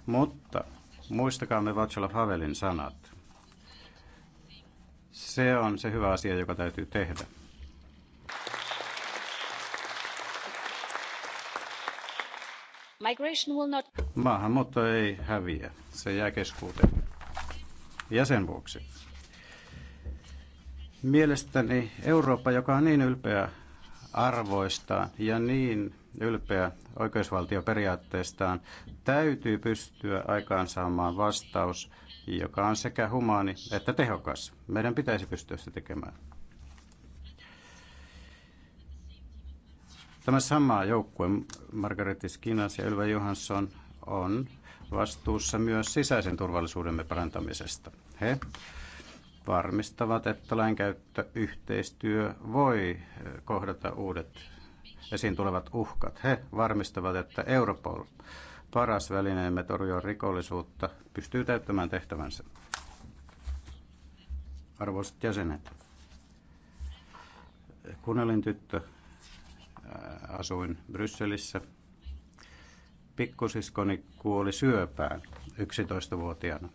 Mutta muistakaamme Václav Havelin sanat. Se on se hyvä asia, joka täytyy tehdä. Migration will not... Maahanmuutto ei häviä, se jää keskuuteen. Ja sen vuoksi. Mielestäni Eurooppa, joka on niin ylpeä arvoista ja niin ylpeä oikeusvaltioperiaatteestaan, täytyy pystyä aikaansaamaan vastaus, joka on sekä humaani että tehokas. Meidän pitäisi pystyä se tekemään. Tämä sama joukkue, Margaret Skinas ja Ylva Johansson, on vastuussa myös sisäisen turvallisuudemme parantamisesta. He varmistavat, että lainkäyttöyhteistyö voi kohdata uudet esiin tulevat uhkat. He varmistavat, että Europol, paras välineemme torjua rikollisuutta, pystyy täyttämään tehtävänsä. Arvoisat jäsenet, kun tyttö, äh, asuin Brysselissä. Pikkusiskoni kuoli syöpään 11-vuotiaana.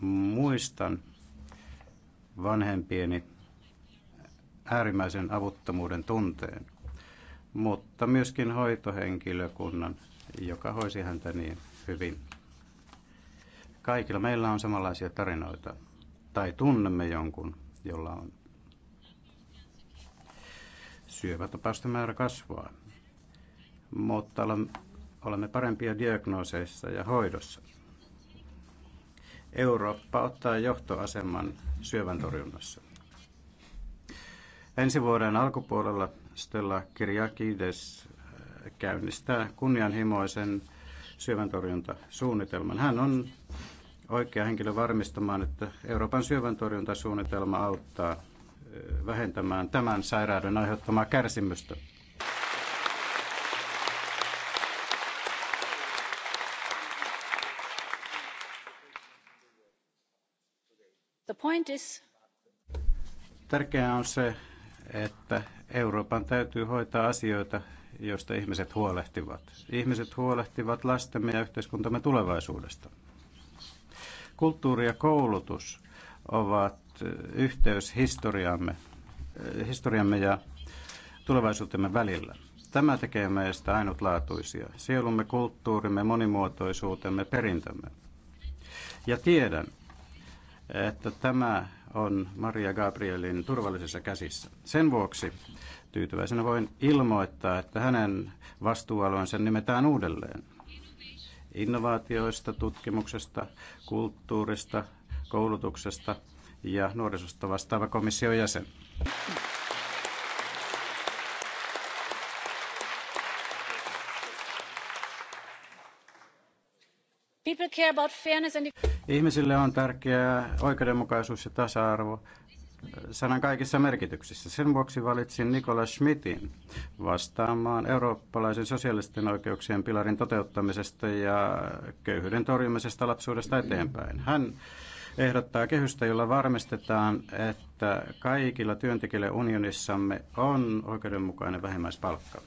Muistan vanhempieni äärimmäisen avuttomuuden tunteen, mutta myöskin hoitohenkilökunnan, joka hoisi häntä niin hyvin. Kaikilla meillä on samanlaisia tarinoita, tai tunnemme jonkun, jolla on. Syövätapausten määrä kasvaa, mutta olemme parempia diagnooseissa ja hoidossa. Eurooppa ottaa johtoaseman syövän torjunnassa. Ensi vuoden alkupuolella Stella Kirjakides äh, käynnistää kunnianhimoisen syöväntorjuntasuunnitelman. Hän on oikea henkilö varmistamaan, että Euroopan syöväntorjuntasuunnitelma auttaa äh, vähentämään tämän sairauden aiheuttamaa kärsimystä. The point is... Tärkeää on se, että Euroopan täytyy hoitaa asioita, joista ihmiset huolehtivat. Ihmiset huolehtivat lastemme ja yhteiskuntamme tulevaisuudesta. Kulttuuri ja koulutus ovat eh, yhteys historiamme, eh, historiamme ja tulevaisuutemme välillä. Tämä tekee meistä ainutlaatuisia, sielumme, kulttuurimme, monimuotoisuutemme, perintömme. Ja tiedän, että tämä on Maria Gabrielin turvallisissa käsissä. Sen vuoksi tyytyväisenä voin ilmoittaa, että hänen vastuualueensa nimetään uudelleen. Innovaatioista, tutkimuksesta, kulttuurista, koulutuksesta ja nuorisosta vastaava komission jäsen. Ihmisille on tärkeää oikeudenmukaisuus ja tasa-arvo äh, sanan kaikissa merkityksissä. Sen vuoksi valitsin Nikola Schmidtin vastaamaan eurooppalaisen sosiaalisten oikeuksien pilarin toteuttamisesta ja köyhyyden torjumisesta lapsuudesta eteenpäin. Hän ehdottaa kehystä, jolla varmistetaan, että kaikilla työntekijöillä unionissamme on oikeudenmukainen vähimmäispalkka.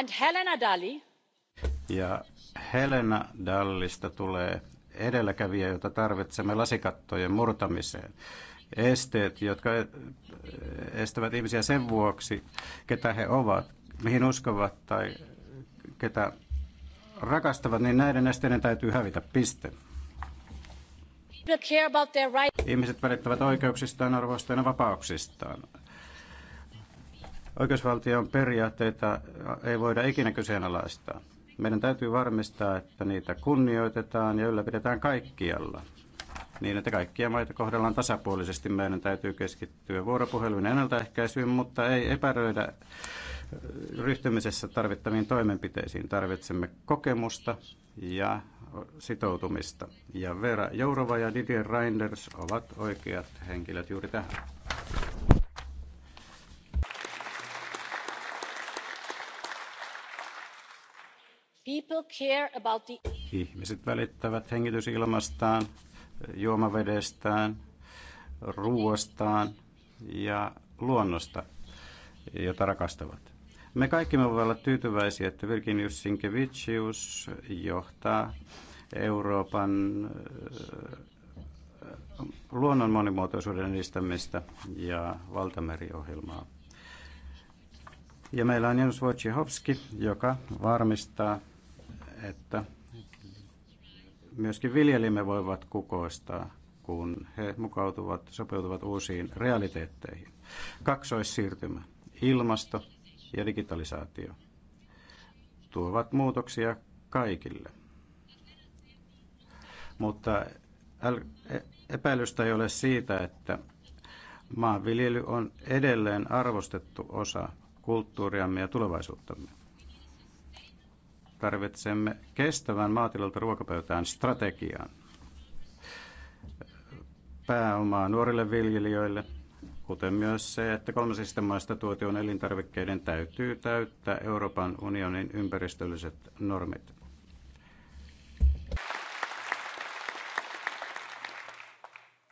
And Helena Ja Helena Dallista tulee edelläkävijä, jota tarvitsemme lasikattojen murtamiseen. Esteet, jotka e- estävät ihmisiä sen vuoksi, ketä he ovat, mihin uskovat tai ketä rakastavat, niin näiden esteiden täytyy hävitä. Piste. Ihmiset välittävät oikeuksistaan, arvoistaan ja vapauksistaan. Oikeusvaltion periaatteita ei voida ikinä kyseenalaistaa. Meidän täytyy varmistaa, että niitä kunnioitetaan ja ylläpidetään kaikkialla. Niin, että kaikkia maita kohdellaan tasapuolisesti. Meidän täytyy keskittyä vuoropuheluun ja ennaltaehkäisyyn, mutta ei epäröidä ryhtymisessä tarvittaviin toimenpiteisiin. Tarvitsemme kokemusta ja sitoutumista. Ja Vera Jourova ja Didier Reinders ovat oikeat henkilöt juuri tähän. Ihmiset välittävät hengitysilmastaan, juomavedestään, ruoastaan ja luonnosta, jota rakastavat. Me kaikki me voimme olla tyytyväisiä, että Virginius Sinkevicius johtaa Euroopan äh, luonnon monimuotoisuuden edistämistä ja valtameriohjelmaa. Ja meillä on Janusz Wojciechowski, joka varmistaa että myöskin viljelimme voivat kukoistaa, kun he mukautuvat, sopeutuvat uusiin realiteetteihin. Kaksoissiirtymä, ilmasto ja digitalisaatio tuovat muutoksia kaikille. Mutta e, epäilystä ei ole siitä, että maanviljely on edelleen arvostettu osa kulttuuriamme ja tulevaisuuttamme tarvitsemme kestävän maatilalta ruokapöytään strategian pääomaa nuorille viljelijöille, kuten myös se, että kolmasista maista tuotion elintarvikkeiden täytyy täyttää Euroopan unionin ympäristölliset normit.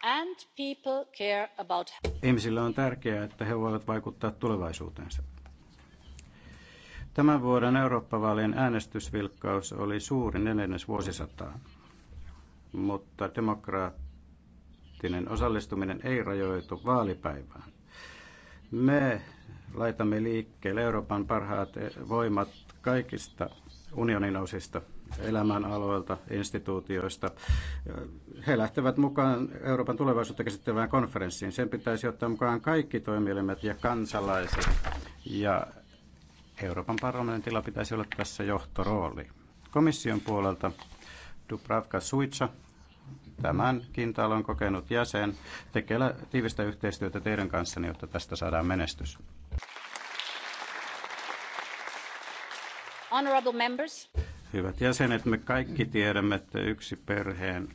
And people care about... Ihmisille on tärkeää, että he voivat vaikuttaa tulevaisuuteensa. Tämän vuoden Eurooppa-vaalien äänestysvilkkaus oli suuri neljännes vuosisataa, mutta demokraattinen osallistuminen ei rajoitu vaalipäivään. Me laitamme liikkeelle Euroopan parhaat voimat kaikista unionin osista, elämänaloilta, instituutioista. He lähtevät mukaan Euroopan tulevaisuutta käsittelevään konferenssiin. Sen pitäisi ottaa mukaan kaikki toimielimet ja kansalaiset ja Euroopan parlamentilla pitäisi olla tässä johtorooli. Komission puolelta Dubravka Suitsa, tämänkin talon kokenut jäsen, tekee tiivistä yhteistyötä teidän kanssanne, jotta tästä saadaan menestys. Honorable members. Hyvät jäsenet, me kaikki tiedämme, että yksi perheen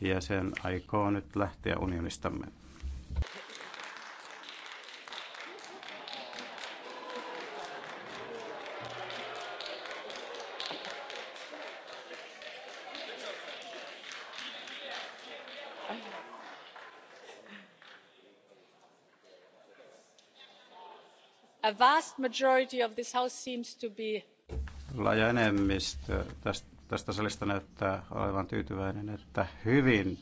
jäsen aikoo nyt lähteä unionistamme. a vast majority of this house seems to be laaja enemmistö tästä, salista näyttää olevan tyytyväinen, että hyvin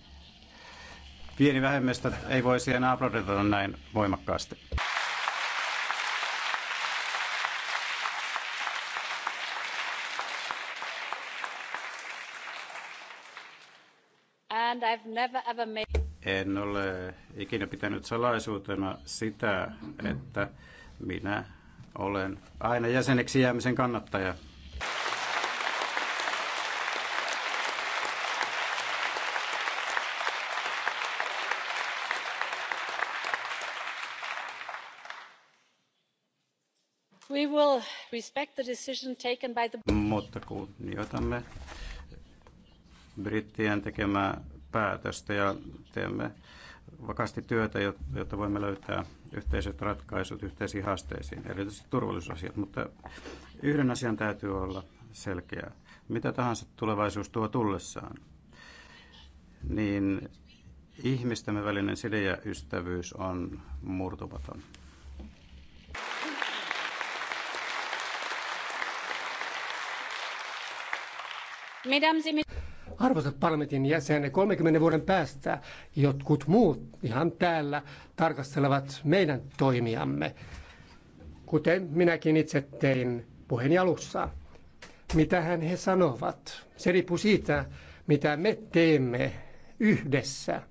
pieni vähemmistö ei voisi enää aplodita näin voimakkaasti. And I've never ever made... En ole ikinä pitänyt salaisuutena sitä, että minä olen aina jäseneksi jäämisen kannattaja. We will respect the decision taken by the... Mutta kunnioitamme brittien tekemää päätöstä ja teemme vakaasti työtä, jotta voimme löytää yhteiset ratkaisut yhteisiin haasteisiin, erityisesti turvallisuusasiat. Mutta yhden asian täytyy olla selkeä. Mitä tahansa tulevaisuus tuo tullessaan, niin ihmistämme välinen side ja ystävyys on murtumaton. Mesdames et Arvoisat parlamentin jäsenet, 30 vuoden päästä jotkut muut ihan täällä tarkastelevat meidän toimiamme, kuten minäkin itse tein puheen alussa. Mitähän he sanovat? Se riippuu siitä, mitä me teemme yhdessä.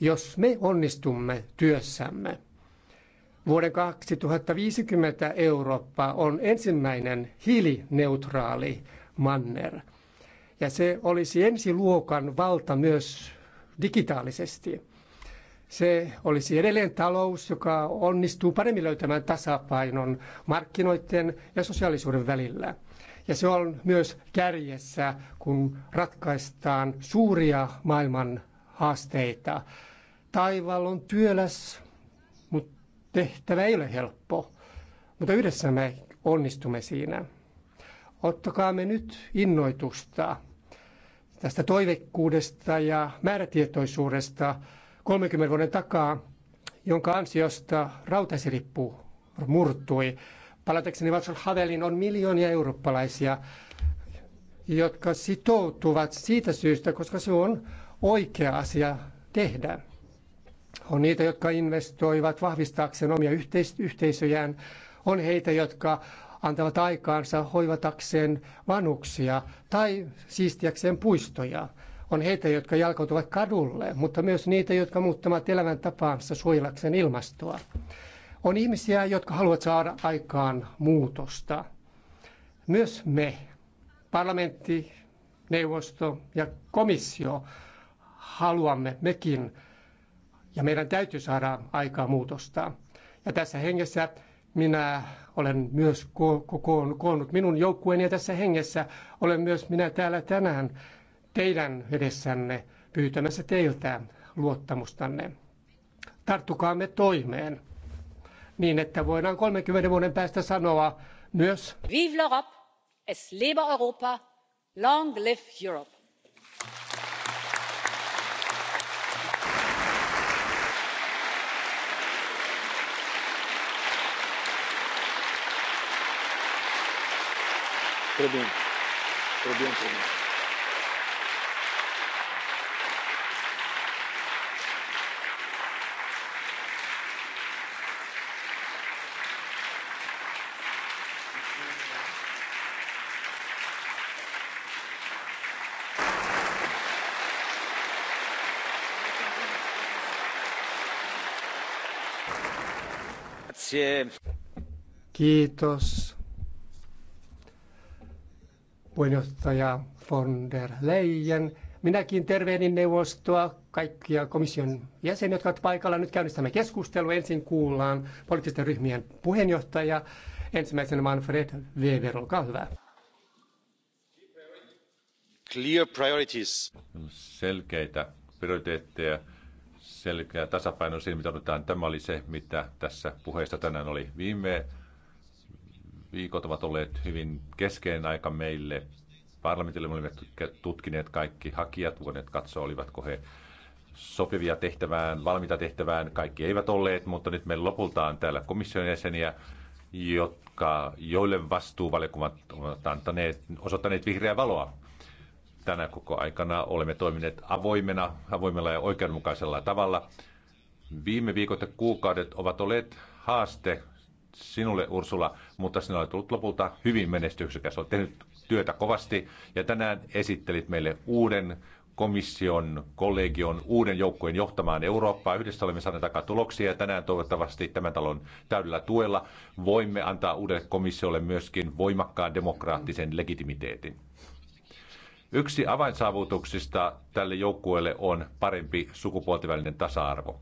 Jos me onnistumme työssämme, vuoden 2050 Eurooppa on ensimmäinen hiilineutraali manner – ja se olisi ensiluokan valta myös digitaalisesti. Se olisi edelleen talous, joka onnistuu paremmin löytämään tasapainon markkinoiden ja sosiaalisuuden välillä. Ja se on myös kärjessä, kun ratkaistaan suuria maailman haasteita. Taival on työläs, mutta tehtävä ei ole helppo. Mutta yhdessä me onnistumme siinä. Ottakaamme nyt innoitusta tästä toivekkuudesta ja määrätietoisuudesta 30 vuoden takaa, jonka ansiosta rautaisirippu murtui. Palatakseni Václav Havelin on miljoonia eurooppalaisia, jotka sitoutuvat siitä syystä, koska se on oikea asia tehdä. On niitä, jotka investoivat vahvistaakseen omia yhteisöjään. On heitä, jotka antavat aikaansa hoivatakseen vanuksia tai siistiäkseen puistoja. On heitä, jotka jalkautuvat kadulle, mutta myös niitä, jotka muuttavat elämäntapaansa suojellakseen ilmastoa. On ihmisiä, jotka haluavat saada aikaan muutosta. Myös me, parlamentti, neuvosto ja komissio, haluamme mekin ja meidän täytyy saada aikaa muutosta. Ja tässä hengessä minä olen myös koonnut minun joukkueeni ja tässä hengessä olen myös minä täällä tänään teidän edessänne pyytämässä teiltä luottamustanne. Tarttukaamme toimeen niin, että voidaan 30 vuoden päästä sanoa myös Vive l'Europe, es lebe Europa, long live Europe. très bien très bien très bien. Kiitos puheenjohtaja von der Leyen. Minäkin tervehdin neuvostoa, kaikkia komission jäseniä, jotka ovat paikalla. Nyt käynnistämme keskustelun Ensin kuullaan poliittisten ryhmien puheenjohtaja. Ensimmäisenä Manfred Weber, olkaa hyvä. Clear priorities. Selkeitä prioriteetteja, selkeä tasapaino siinä, mitä odotetaan. Tämä oli se, mitä tässä puheessa tänään oli. Viime viikot ovat olleet hyvin keskeinen aika meille. Parlamentille me olemme tutkineet kaikki hakijat, voineet katsoa, olivatko he sopivia tehtävään, valmiita tehtävään. Kaikki eivät olleet, mutta nyt meillä lopulta on täällä komission jäseniä, jotka, joille vastuuvaliokunnat ovat antaneet, osoittaneet vihreää valoa. Tänä koko aikana olemme toimineet avoimena, avoimella ja oikeudenmukaisella tavalla. Viime viikot ja kuukaudet ovat olleet haaste sinulle Ursula, mutta sinä olet tullut lopulta hyvin menestyksekäs. Olet tehnyt työtä kovasti ja tänään esittelit meille uuden komission, kollegion, uuden joukkueen johtamaan Eurooppaa. Yhdessä olemme saaneet takaa tuloksia ja tänään toivottavasti tämän talon täydellä tuella voimme antaa uudelle komissiolle myöskin voimakkaan demokraattisen legitimiteetin. Yksi avainsaavutuksista tälle joukkueelle on parempi sukupuolten välinen tasa-arvo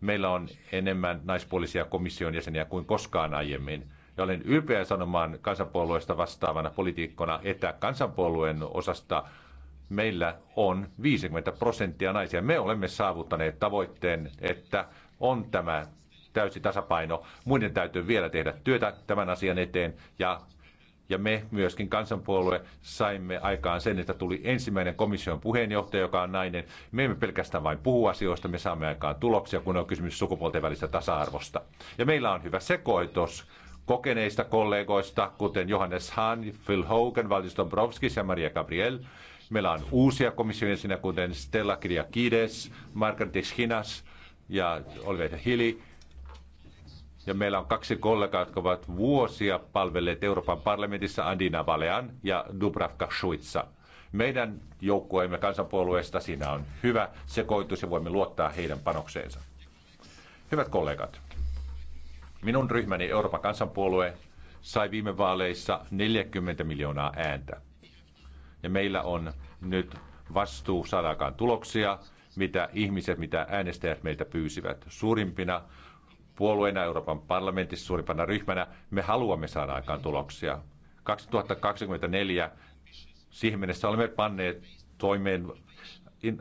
meillä on enemmän naispuolisia komission jäseniä kuin koskaan aiemmin. Ja olen ylpeä sanomaan kansanpuolueesta vastaavana politiikkona, että kansanpuolueen osasta meillä on 50 prosenttia naisia. Me olemme saavuttaneet tavoitteen, että on tämä täysi tasapaino. Muiden täytyy vielä tehdä työtä tämän asian eteen ja ja me myöskin kansanpuolue saimme aikaan sen, että tuli ensimmäinen komission puheenjohtaja, joka on nainen. Me emme pelkästään vain puhu asioista, me saamme aikaan tuloksia, kun on kysymys sukupuolten välistä tasa-arvosta. Ja meillä on hyvä sekoitus kokeneista kollegoista, kuten Johannes Hahn, Phil Hogan, Valdis Dombrovskis ja Maria Gabriel. Meillä on uusia komission jäseniä, kuten Stella Kyriakides, Margaret Schinas ja Oliver Hilli. Ja meillä on kaksi kollegaa, jotka ovat vuosia palvelleet Euroopan parlamentissa, Andina Valean ja Dubravka Schuitsa. Meidän joukkueemme kansanpuolueesta siinä on hyvä sekoitus ja voimme luottaa heidän panokseensa. Hyvät kollegat, minun ryhmäni Euroopan kansanpuolue sai viime vaaleissa 40 miljoonaa ääntä. Ja meillä on nyt vastuu saadaakaan tuloksia, mitä ihmiset, mitä äänestäjät meiltä pyysivät. Suurimpina puolueena Euroopan parlamentissa suurimpana ryhmänä me haluamme saada aikaan tuloksia. 2024 siihen mennessä olemme panneet toimeen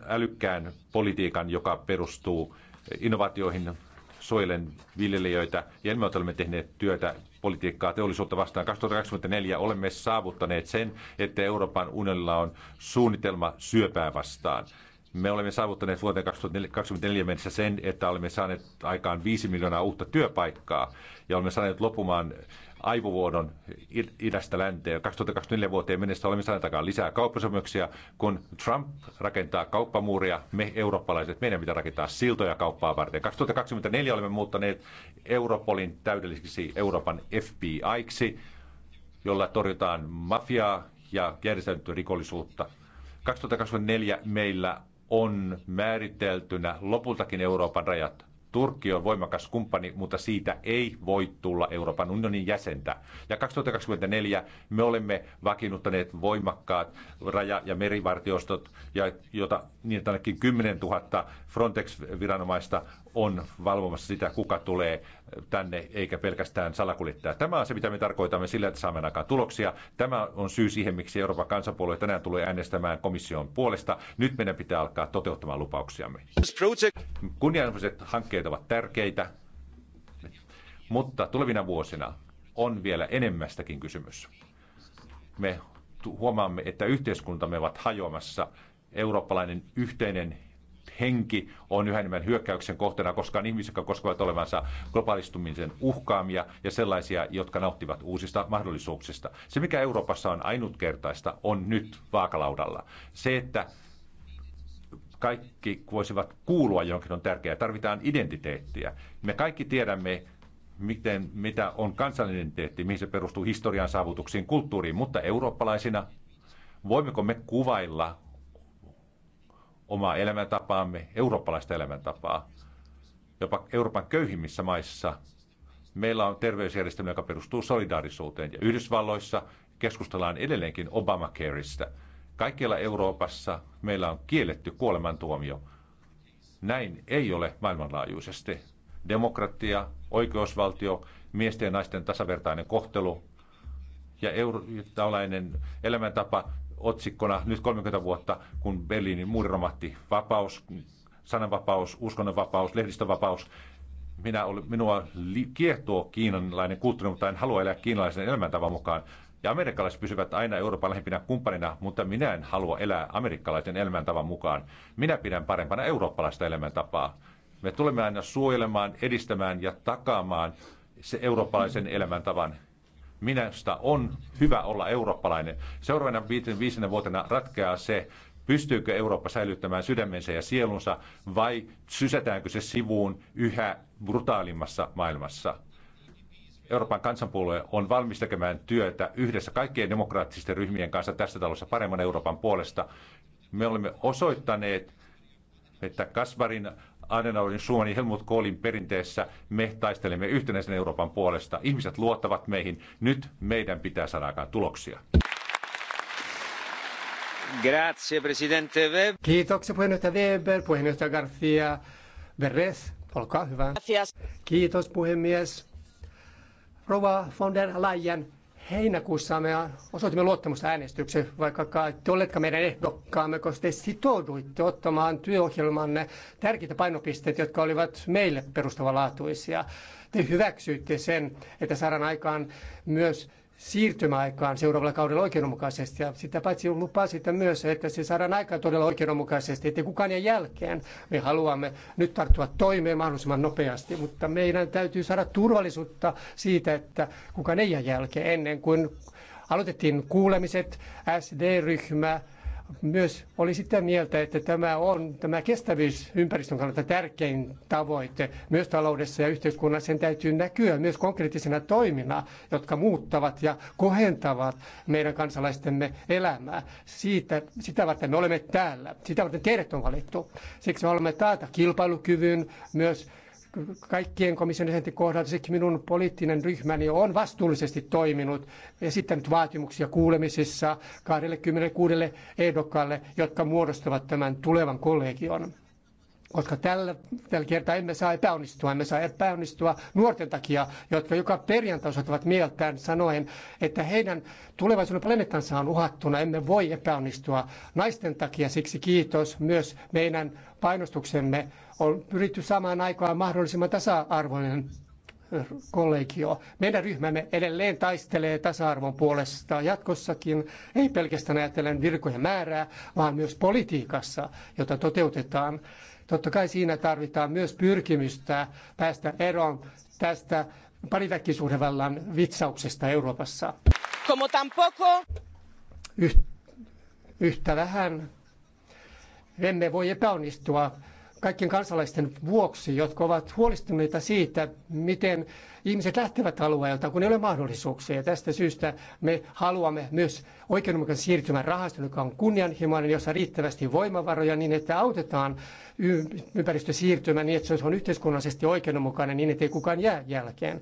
älykkään politiikan, joka perustuu innovaatioihin, suojelen viljelijöitä ja me olemme tehneet työtä politiikkaa teollisuutta vastaan. 2024 olemme saavuttaneet sen, että Euroopan unionilla on suunnitelma syöpää vastaan. Me olemme saavuttaneet vuoteen 2024 mennessä sen, että olemme saaneet aikaan 5 miljoonaa uutta työpaikkaa ja olemme saaneet lopumaan aivovuodon idästä länteen. 2024 vuoteen mennessä olemme saaneet aikaan lisää kauppasopimuksia. Kun Trump rakentaa kauppamuuria, me eurooppalaiset, meidän pitää rakentaa siltoja kauppaa varten. 2024 olemme muuttaneet Europolin täydelliseksi Euroopan FBIksi, jolla torjutaan mafiaa ja järjestäytynyttä rikollisuutta. 2024 meillä on määriteltynä lopultakin Euroopan rajat. Turkki on voimakas kumppani, mutta siitä ei voi tulla Euroopan unionin jäsentä. Ja 2024 me olemme vakiinnuttaneet voimakkaat raja- ja merivartiostot, ja, jota niin ainakin 10 000 Frontex-viranomaista on valvomassa sitä, kuka tulee tänne, eikä pelkästään salakuljettaja. Tämä on se, mitä me tarkoitamme sillä, että saamme aikaan tuloksia. Tämä on syy siihen, miksi Euroopan kansanpuolue tänään tulee äänestämään komission puolesta. Nyt meidän pitää alkaa toteuttamaan lupauksiamme. Kunnianhimoiset hankkeet ovat tärkeitä, mutta tulevina vuosina on vielä enemmästäkin kysymys. Me huomaamme, että yhteiskuntamme ovat hajoamassa. Eurooppalainen yhteinen henki on yhä enemmän hyökkäyksen kohteena, koska on ihmisiä, jotka koskevat olevansa globaalistumisen uhkaamia ja sellaisia, jotka nauttivat uusista mahdollisuuksista. Se, mikä Euroopassa on ainutkertaista, on nyt vaakalaudalla. Se, että kaikki voisivat kuulua jonkin on tärkeää. Tarvitaan identiteettiä. Me kaikki tiedämme, miten, mitä on kansallinen identiteetti, mihin se perustuu historian saavutuksiin, kulttuuriin, mutta eurooppalaisina voimmeko me kuvailla omaa elämäntapaamme, eurooppalaista elämäntapaa. Jopa Euroopan köyhimmissä maissa meillä on terveysjärjestelmä, joka perustuu solidaarisuuteen. Ja Yhdysvalloissa keskustellaan edelleenkin Obamacareista. Kaikkialla Euroopassa meillä on kielletty kuolemantuomio. Näin ei ole maailmanlaajuisesti. Demokratia, oikeusvaltio, miesten ja naisten tasavertainen kohtelu ja euro- tällainen elämäntapa, otsikkona nyt 30 vuotta, kun Berliinin muuri romahti. Vapaus, sananvapaus, uskonnonvapaus, lehdistövapaus. Minä, minua kiehtoo kiinalainen kulttuuri, mutta en halua elää kiinalaisen elämäntavan mukaan. Ja amerikkalaiset pysyvät aina Euroopan lähimpinä kumppanina, mutta minä en halua elää amerikkalaisen elämäntavan mukaan. Minä pidän parempana eurooppalaista elämäntapaa. Me tulemme aina suojelemaan, edistämään ja takaamaan se eurooppalaisen elämäntavan. Minusta on hyvä olla eurooppalainen. Seuraavana viisinä vuotena ratkeaa se, pystyykö Eurooppa säilyttämään sydämensä ja sielunsa vai sysätäänkö se sivuun yhä brutaalimmassa maailmassa. Euroopan kansanpuolue on valmis tekemään työtä yhdessä kaikkien demokraattisten ryhmien kanssa tässä talossa paremman Euroopan puolesta. Me olemme osoittaneet, että Kasvarin Adenauerin, Schumannin ja Helmut Kohlin perinteessä me taistelemme yhtenäisen Euroopan puolesta. Ihmiset luottavat meihin. Nyt meidän pitää saada aikaan tuloksia. Grazie, presidente Weber. Kiitoksia puheenjohtaja Weber, puheenjohtaja Garcia Berres. Olkaa hyvä. Gracias. Kiitos puhemies. Rova von der Leyen, Heinäkuussa me osoitimme luottamusta äänestykseen, vaikka te olette meidän ehdokkaamme, koska te sitouduitte ottamaan työohjelmanne tärkeitä painopisteitä, jotka olivat meille perustavanlaatuisia. Te hyväksyitte sen, että saadaan aikaan myös siirtymäaikaan seuraavalla kaudella oikeudenmukaisesti. Ja sitä paitsi lupasitte myös, että se saadaan aikaan todella oikeudenmukaisesti, ettei kukaan jää jälkeen. Me haluamme nyt tarttua toimeen mahdollisimman nopeasti, mutta meidän täytyy saada turvallisuutta siitä, että kukaan ei jää jälkeen ennen kuin aloitettiin kuulemiset, SD-ryhmä, myös oli sitä mieltä, että tämä on tämä kestävyys ympäristön kannalta tärkein tavoite myös taloudessa ja yhteiskunnassa. Sen täytyy näkyä myös konkreettisena toimina, jotka muuttavat ja kohentavat meidän kansalaistemme elämää. Siitä, sitä varten me olemme täällä. Sitä varten teidät on valittu. Siksi me haluamme taata kilpailukyvyn myös kaikkien komission jäsenten kohdalta sekin minun poliittinen ryhmäni on vastuullisesti toiminut, esittänyt vaatimuksia kuulemisissa 26 ehdokkaalle, jotka muodostavat tämän tulevan kollegion. Koska tällä, tällä kertaa emme saa epäonnistua, emme saa epäonnistua nuorten takia, jotka joka perjantai osoittavat mieltään sanoen, että heidän tulevaisuuden planeettansa on uhattuna, emme voi epäonnistua naisten takia. Siksi kiitos myös meidän painostuksemme on pyritty samaan aikaan mahdollisimman tasa-arvoinen kollegio. Meidän ryhmämme edelleen taistelee tasa-arvon puolesta jatkossakin, ei pelkästään ajatellen virkojen määrää, vaan myös politiikassa, jota toteutetaan. Totta kai siinä tarvitaan myös pyrkimystä päästä eroon tästä pariväkkisuhdevallan vitsauksesta Euroopassa. Como tampoco... yhtä vähän emme voi epäonnistua kaikkien kansalaisten vuoksi, jotka ovat huolestuneita siitä, miten ihmiset lähtevät alueelta, kun ei ole mahdollisuuksia. Ja tästä syystä me haluamme myös oikeudenmukaisen siirtymän rahasto, joka on kunnianhimoinen, jossa on riittävästi voimavaroja niin, että autetaan ympäristösiirtymä niin, että se on yhteiskunnallisesti oikeudenmukainen niin, ettei kukaan jää jälkeen.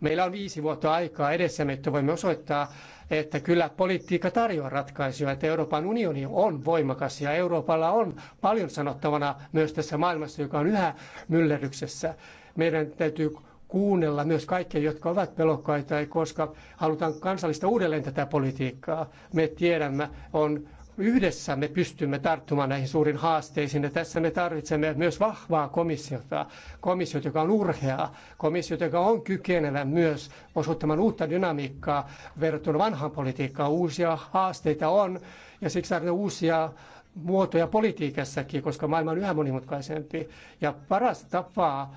Meillä on viisi vuotta aikaa edessämme, että voimme osoittaa että kyllä politiikka tarjoaa ratkaisuja, että Euroopan unioni on voimakas ja Euroopalla on paljon sanottavana myös tässä maailmassa, joka on yhä myllerryksessä. Meidän täytyy kuunnella myös kaikkia, jotka ovat pelokkaita, koska halutaan kansallista uudelleen tätä politiikkaa. Me tiedämme, on yhdessä me pystymme tarttumaan näihin suuriin haasteisiin. Ja tässä me tarvitsemme myös vahvaa komissiota, komissiota, joka on urhea, komissiota, joka on kykenevä myös osoittamaan uutta dynamiikkaa verrattuna vanhaan politiikkaan. Uusia haasteita on ja siksi tarvitaan uusia muotoja politiikassakin, koska maailma on yhä monimutkaisempi. Ja paras tapa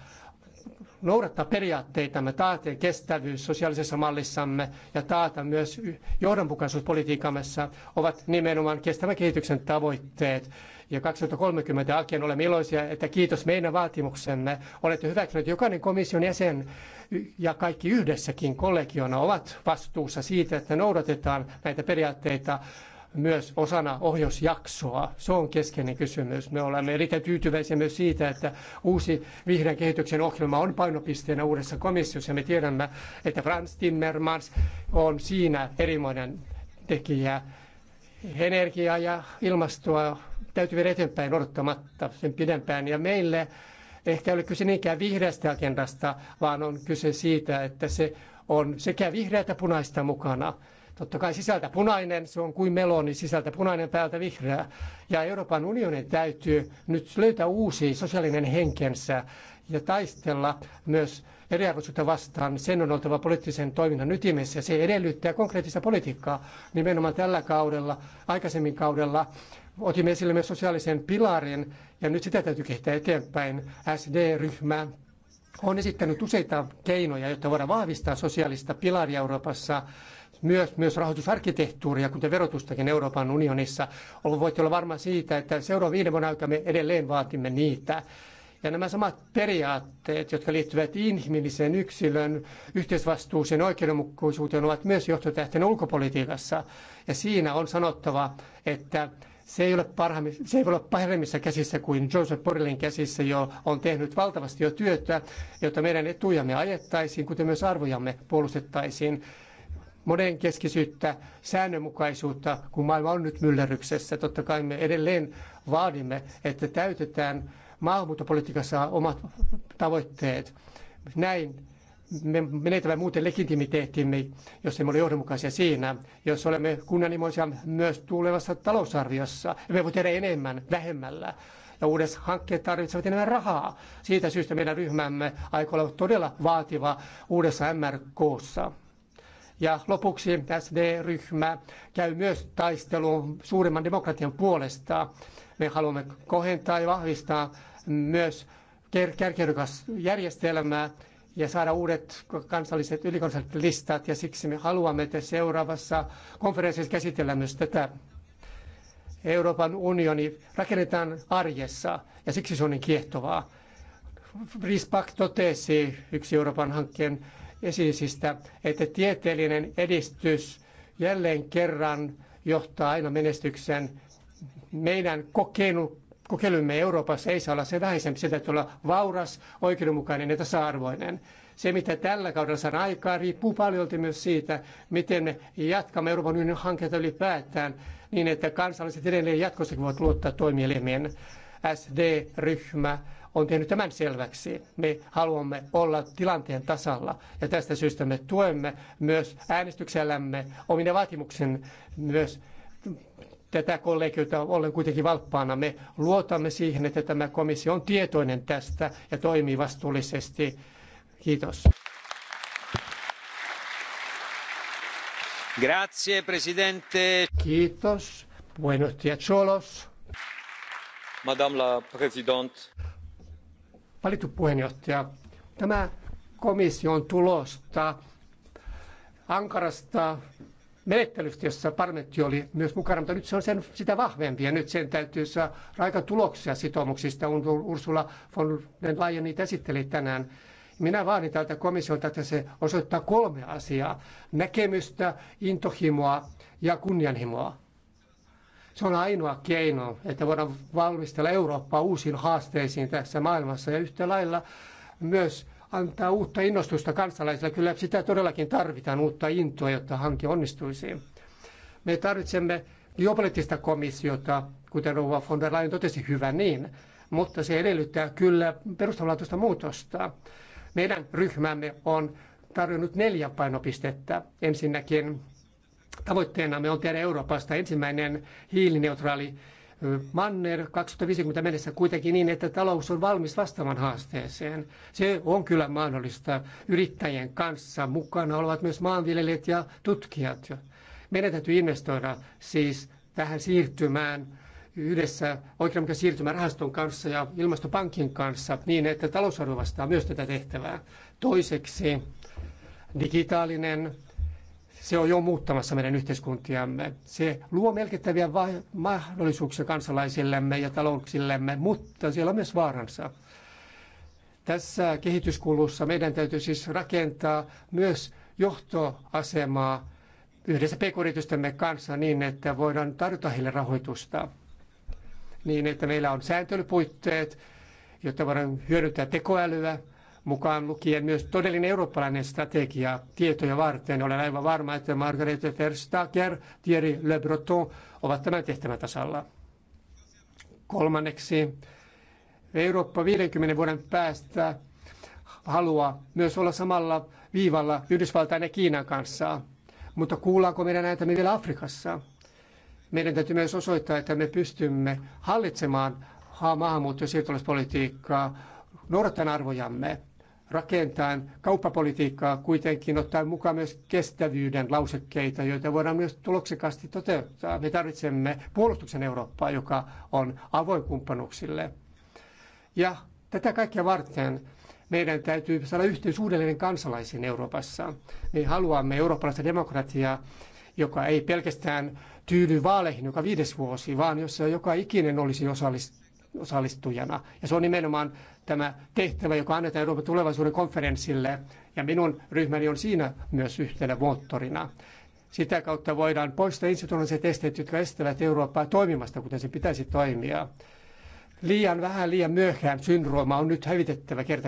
noudattaa periaatteitamme, taata kestävyys sosiaalisessa mallissamme ja taata myös johdonmukaisuus ovat nimenomaan kestävän kehityksen tavoitteet. Ja 2030 jälkeen olemme iloisia, että kiitos meidän vaatimuksemme olette hyväksyneet jokainen komission jäsen ja kaikki yhdessäkin kollegiona ovat vastuussa siitä, että noudatetaan näitä periaatteita myös osana ohjausjaksoa. Se on keskeinen kysymys. Me olemme erittäin tyytyväisiä myös siitä, että uusi vihreän kehityksen ohjelma on painopisteenä uudessa komissiossa. Me tiedämme, että Franz Timmermans on siinä erimoinen tekijä. Energiaa ja ilmastoa täytyy viedä eteenpäin odottamatta sen pidempään. Ja meille ehkä ei ole kyse niinkään vihreästä agendasta, vaan on kyse siitä, että se on sekä vihreätä punaista mukana – Totta kai sisältä punainen, se on kuin meloni, niin sisältä punainen, päältä vihreä. Ja Euroopan unionin täytyy nyt löytää uusi sosiaalinen henkensä ja taistella myös eriarvoisuutta vastaan. Sen on oltava poliittisen toiminnan ytimessä. Se edellyttää konkreettista politiikkaa nimenomaan tällä kaudella, aikaisemmin kaudella. Otimme esille myös sosiaalisen pilarin ja nyt sitä täytyy kehittää eteenpäin. SD-ryhmä on esittänyt useita keinoja, jotta voidaan vahvistaa sosiaalista pilaria Euroopassa myös, myös rahoitusarkkitehtuuria, kuten verotustakin Euroopan unionissa. Voitte olla varma siitä, että seuraavan viiden vuoden aikana me edelleen vaatimme niitä. Ja nämä samat periaatteet, jotka liittyvät inhimilliseen yksilön yhteisvastuuseen oikeudenmukaisuuteen, ovat myös johtotähten ulkopolitiikassa. Ja siinä on sanottava, että se ei, ole parhaimmi, se ei voi olla paremmissa käsissä kuin Joseph Borrellin käsissä, jo on tehnyt valtavasti jo työtä, jotta meidän etujamme ajettaisiin, kuten myös arvojamme puolustettaisiin monenkeskisyyttä, säännönmukaisuutta, kun maailma on nyt myllerryksessä. Totta kai me edelleen vaadimme, että täytetään maahanmuuttopolitiikassa omat tavoitteet. Näin me menetämme muuten legitimiteettimme, jos emme ole johdonmukaisia siinä. Jos olemme kunnianhimoisia myös tulevassa talousarviossa, me voi tehdä enemmän vähemmällä. Ja uudet hankkeet tarvitsevat enemmän rahaa. Siitä syystä meidän ryhmämme aikoo olla todella vaativa uudessa MRKssa. Ja lopuksi SD-ryhmä käy myös taistelun suuremman demokratian puolesta. Me haluamme kohentaa ja vahvistaa myös kärkiedokasjärjestelmää ja saada uudet kansalliset ylikansalliset listat. Ja siksi me haluamme, että seuraavassa konferenssissa käsitellään myös tätä Euroopan unioni rakennetaan arjessa ja siksi se on niin kiehtovaa. Rispak totesi yksi Euroopan hankkeen esiisistä, että tieteellinen edistys jälleen kerran johtaa aina menestyksen. Meidän kokeilu, kokeilumme Euroopassa ei saa olla se vähäisempi, se täytyy olla vauras, oikeudenmukainen ja tasa-arvoinen. Se, mitä tällä kaudella saadaan aikaa, riippuu paljon myös siitä, miten me jatkamme Euroopan unionin hankkeita ylipäätään, niin että kansalaiset edelleen jatkossakin voivat luottaa toimielimien SD-ryhmä on tehnyt tämän selväksi. Me haluamme olla tilanteen tasalla ja tästä syystä me tuemme myös äänestyksellämme omine vaatimuksen myös tätä kollegiota ollen kuitenkin valppaana. Me luotamme siihen, että tämä komissio on tietoinen tästä ja toimii vastuullisesti. Kiitos. Grazie, presidente. Kiitos, días, Cholos. Madame la présidente valittu puheenjohtaja, tämä komissio on tulosta ankarasta menettelystä, jossa parlamentti oli myös mukana, mutta nyt se on sen, sitä vahvempi ja nyt sen täytyy saada aika tuloksia sitoumuksista. Ursula von der Leyen niitä esitteli tänään. Minä vaadin tältä komissiolta, että se osoittaa kolme asiaa. Näkemystä, intohimoa ja kunnianhimoa. Se on ainoa keino, että voidaan valmistella Eurooppaa uusiin haasteisiin tässä maailmassa ja yhtä lailla myös antaa uutta innostusta kansalaisille. Kyllä sitä todellakin tarvitaan, uutta intoa, jotta hanke onnistuisi. Me tarvitsemme geopoliittista komissiota, kuten Rouva von der Leyen totesi, hyvä niin, mutta se edellyttää kyllä perustavanlaatuista muutosta. Meidän ryhmämme on tarjonnut neljä painopistettä. Ensinnäkin Tavoitteenamme on tehdä Euroopasta ensimmäinen hiilineutraali manner 2050 mennessä kuitenkin niin, että talous on valmis vastaamaan haasteeseen. Se on kyllä mahdollista yrittäjien kanssa. Mukana olevat myös maanviljelijät ja tutkijat. Meidän täytyy investoida siis tähän siirtymään yhdessä oikeudenmukaisen rahaston kanssa ja ilmastopankin kanssa niin, että talousarvo vastaa myös tätä tehtävää. Toiseksi digitaalinen se on jo muuttamassa meidän yhteiskuntiamme. Se luo merkittäviä mahdollisuuksia kansalaisillemme ja talouksillemme, mutta siellä on myös vaaransa. Tässä kehityskulussa meidän täytyy siis rakentaa myös johtoasemaa yhdessä pk kanssa niin, että voidaan tarjota heille rahoitusta. Niin, että meillä on sääntelypuitteet, jotta voidaan hyödyntää tekoälyä, mukaan lukien myös todellinen eurooppalainen strategia tietoja varten. Olen aivan varma, että Margarete Verstager, Thierry Le Breton ovat tämän tehtävän tasalla. Kolmanneksi, Eurooppa 50 vuoden päästä haluaa myös olla samalla viivalla Yhdysvaltain ja Kiinan kanssa. Mutta kuullaanko meidän ääntämme vielä Afrikassa? Meidän täytyy myös osoittaa, että me pystymme hallitsemaan maahanmuutto- ja siirtolaispolitiikkaa, noudattaen arvojamme rakentaen kauppapolitiikkaa kuitenkin ottaa mukaan myös kestävyyden lausekkeita, joita voidaan myös tuloksekasti toteuttaa. Me tarvitsemme puolustuksen Eurooppaa, joka on avoin kumppanuksille. Ja tätä kaikkea varten meidän täytyy saada yhteys uudelleen kansalaisiin Euroopassa. Me haluamme eurooppalaista demokratiaa, joka ei pelkästään tyydy vaaleihin joka viides vuosi, vaan jossa joka ikinen olisi osallistunut osallistujana. Ja se on nimenomaan tämä tehtävä, joka annetaan Euroopan tulevaisuuden konferenssille. Ja minun ryhmäni on siinä myös yhtenä moottorina. Sitä kautta voidaan poistaa institutionaaliset esteet, jotka estävät Eurooppaa toimimasta, kuten se pitäisi toimia. Liian vähän, liian myöhään syndrooma on nyt hävitettävä kerta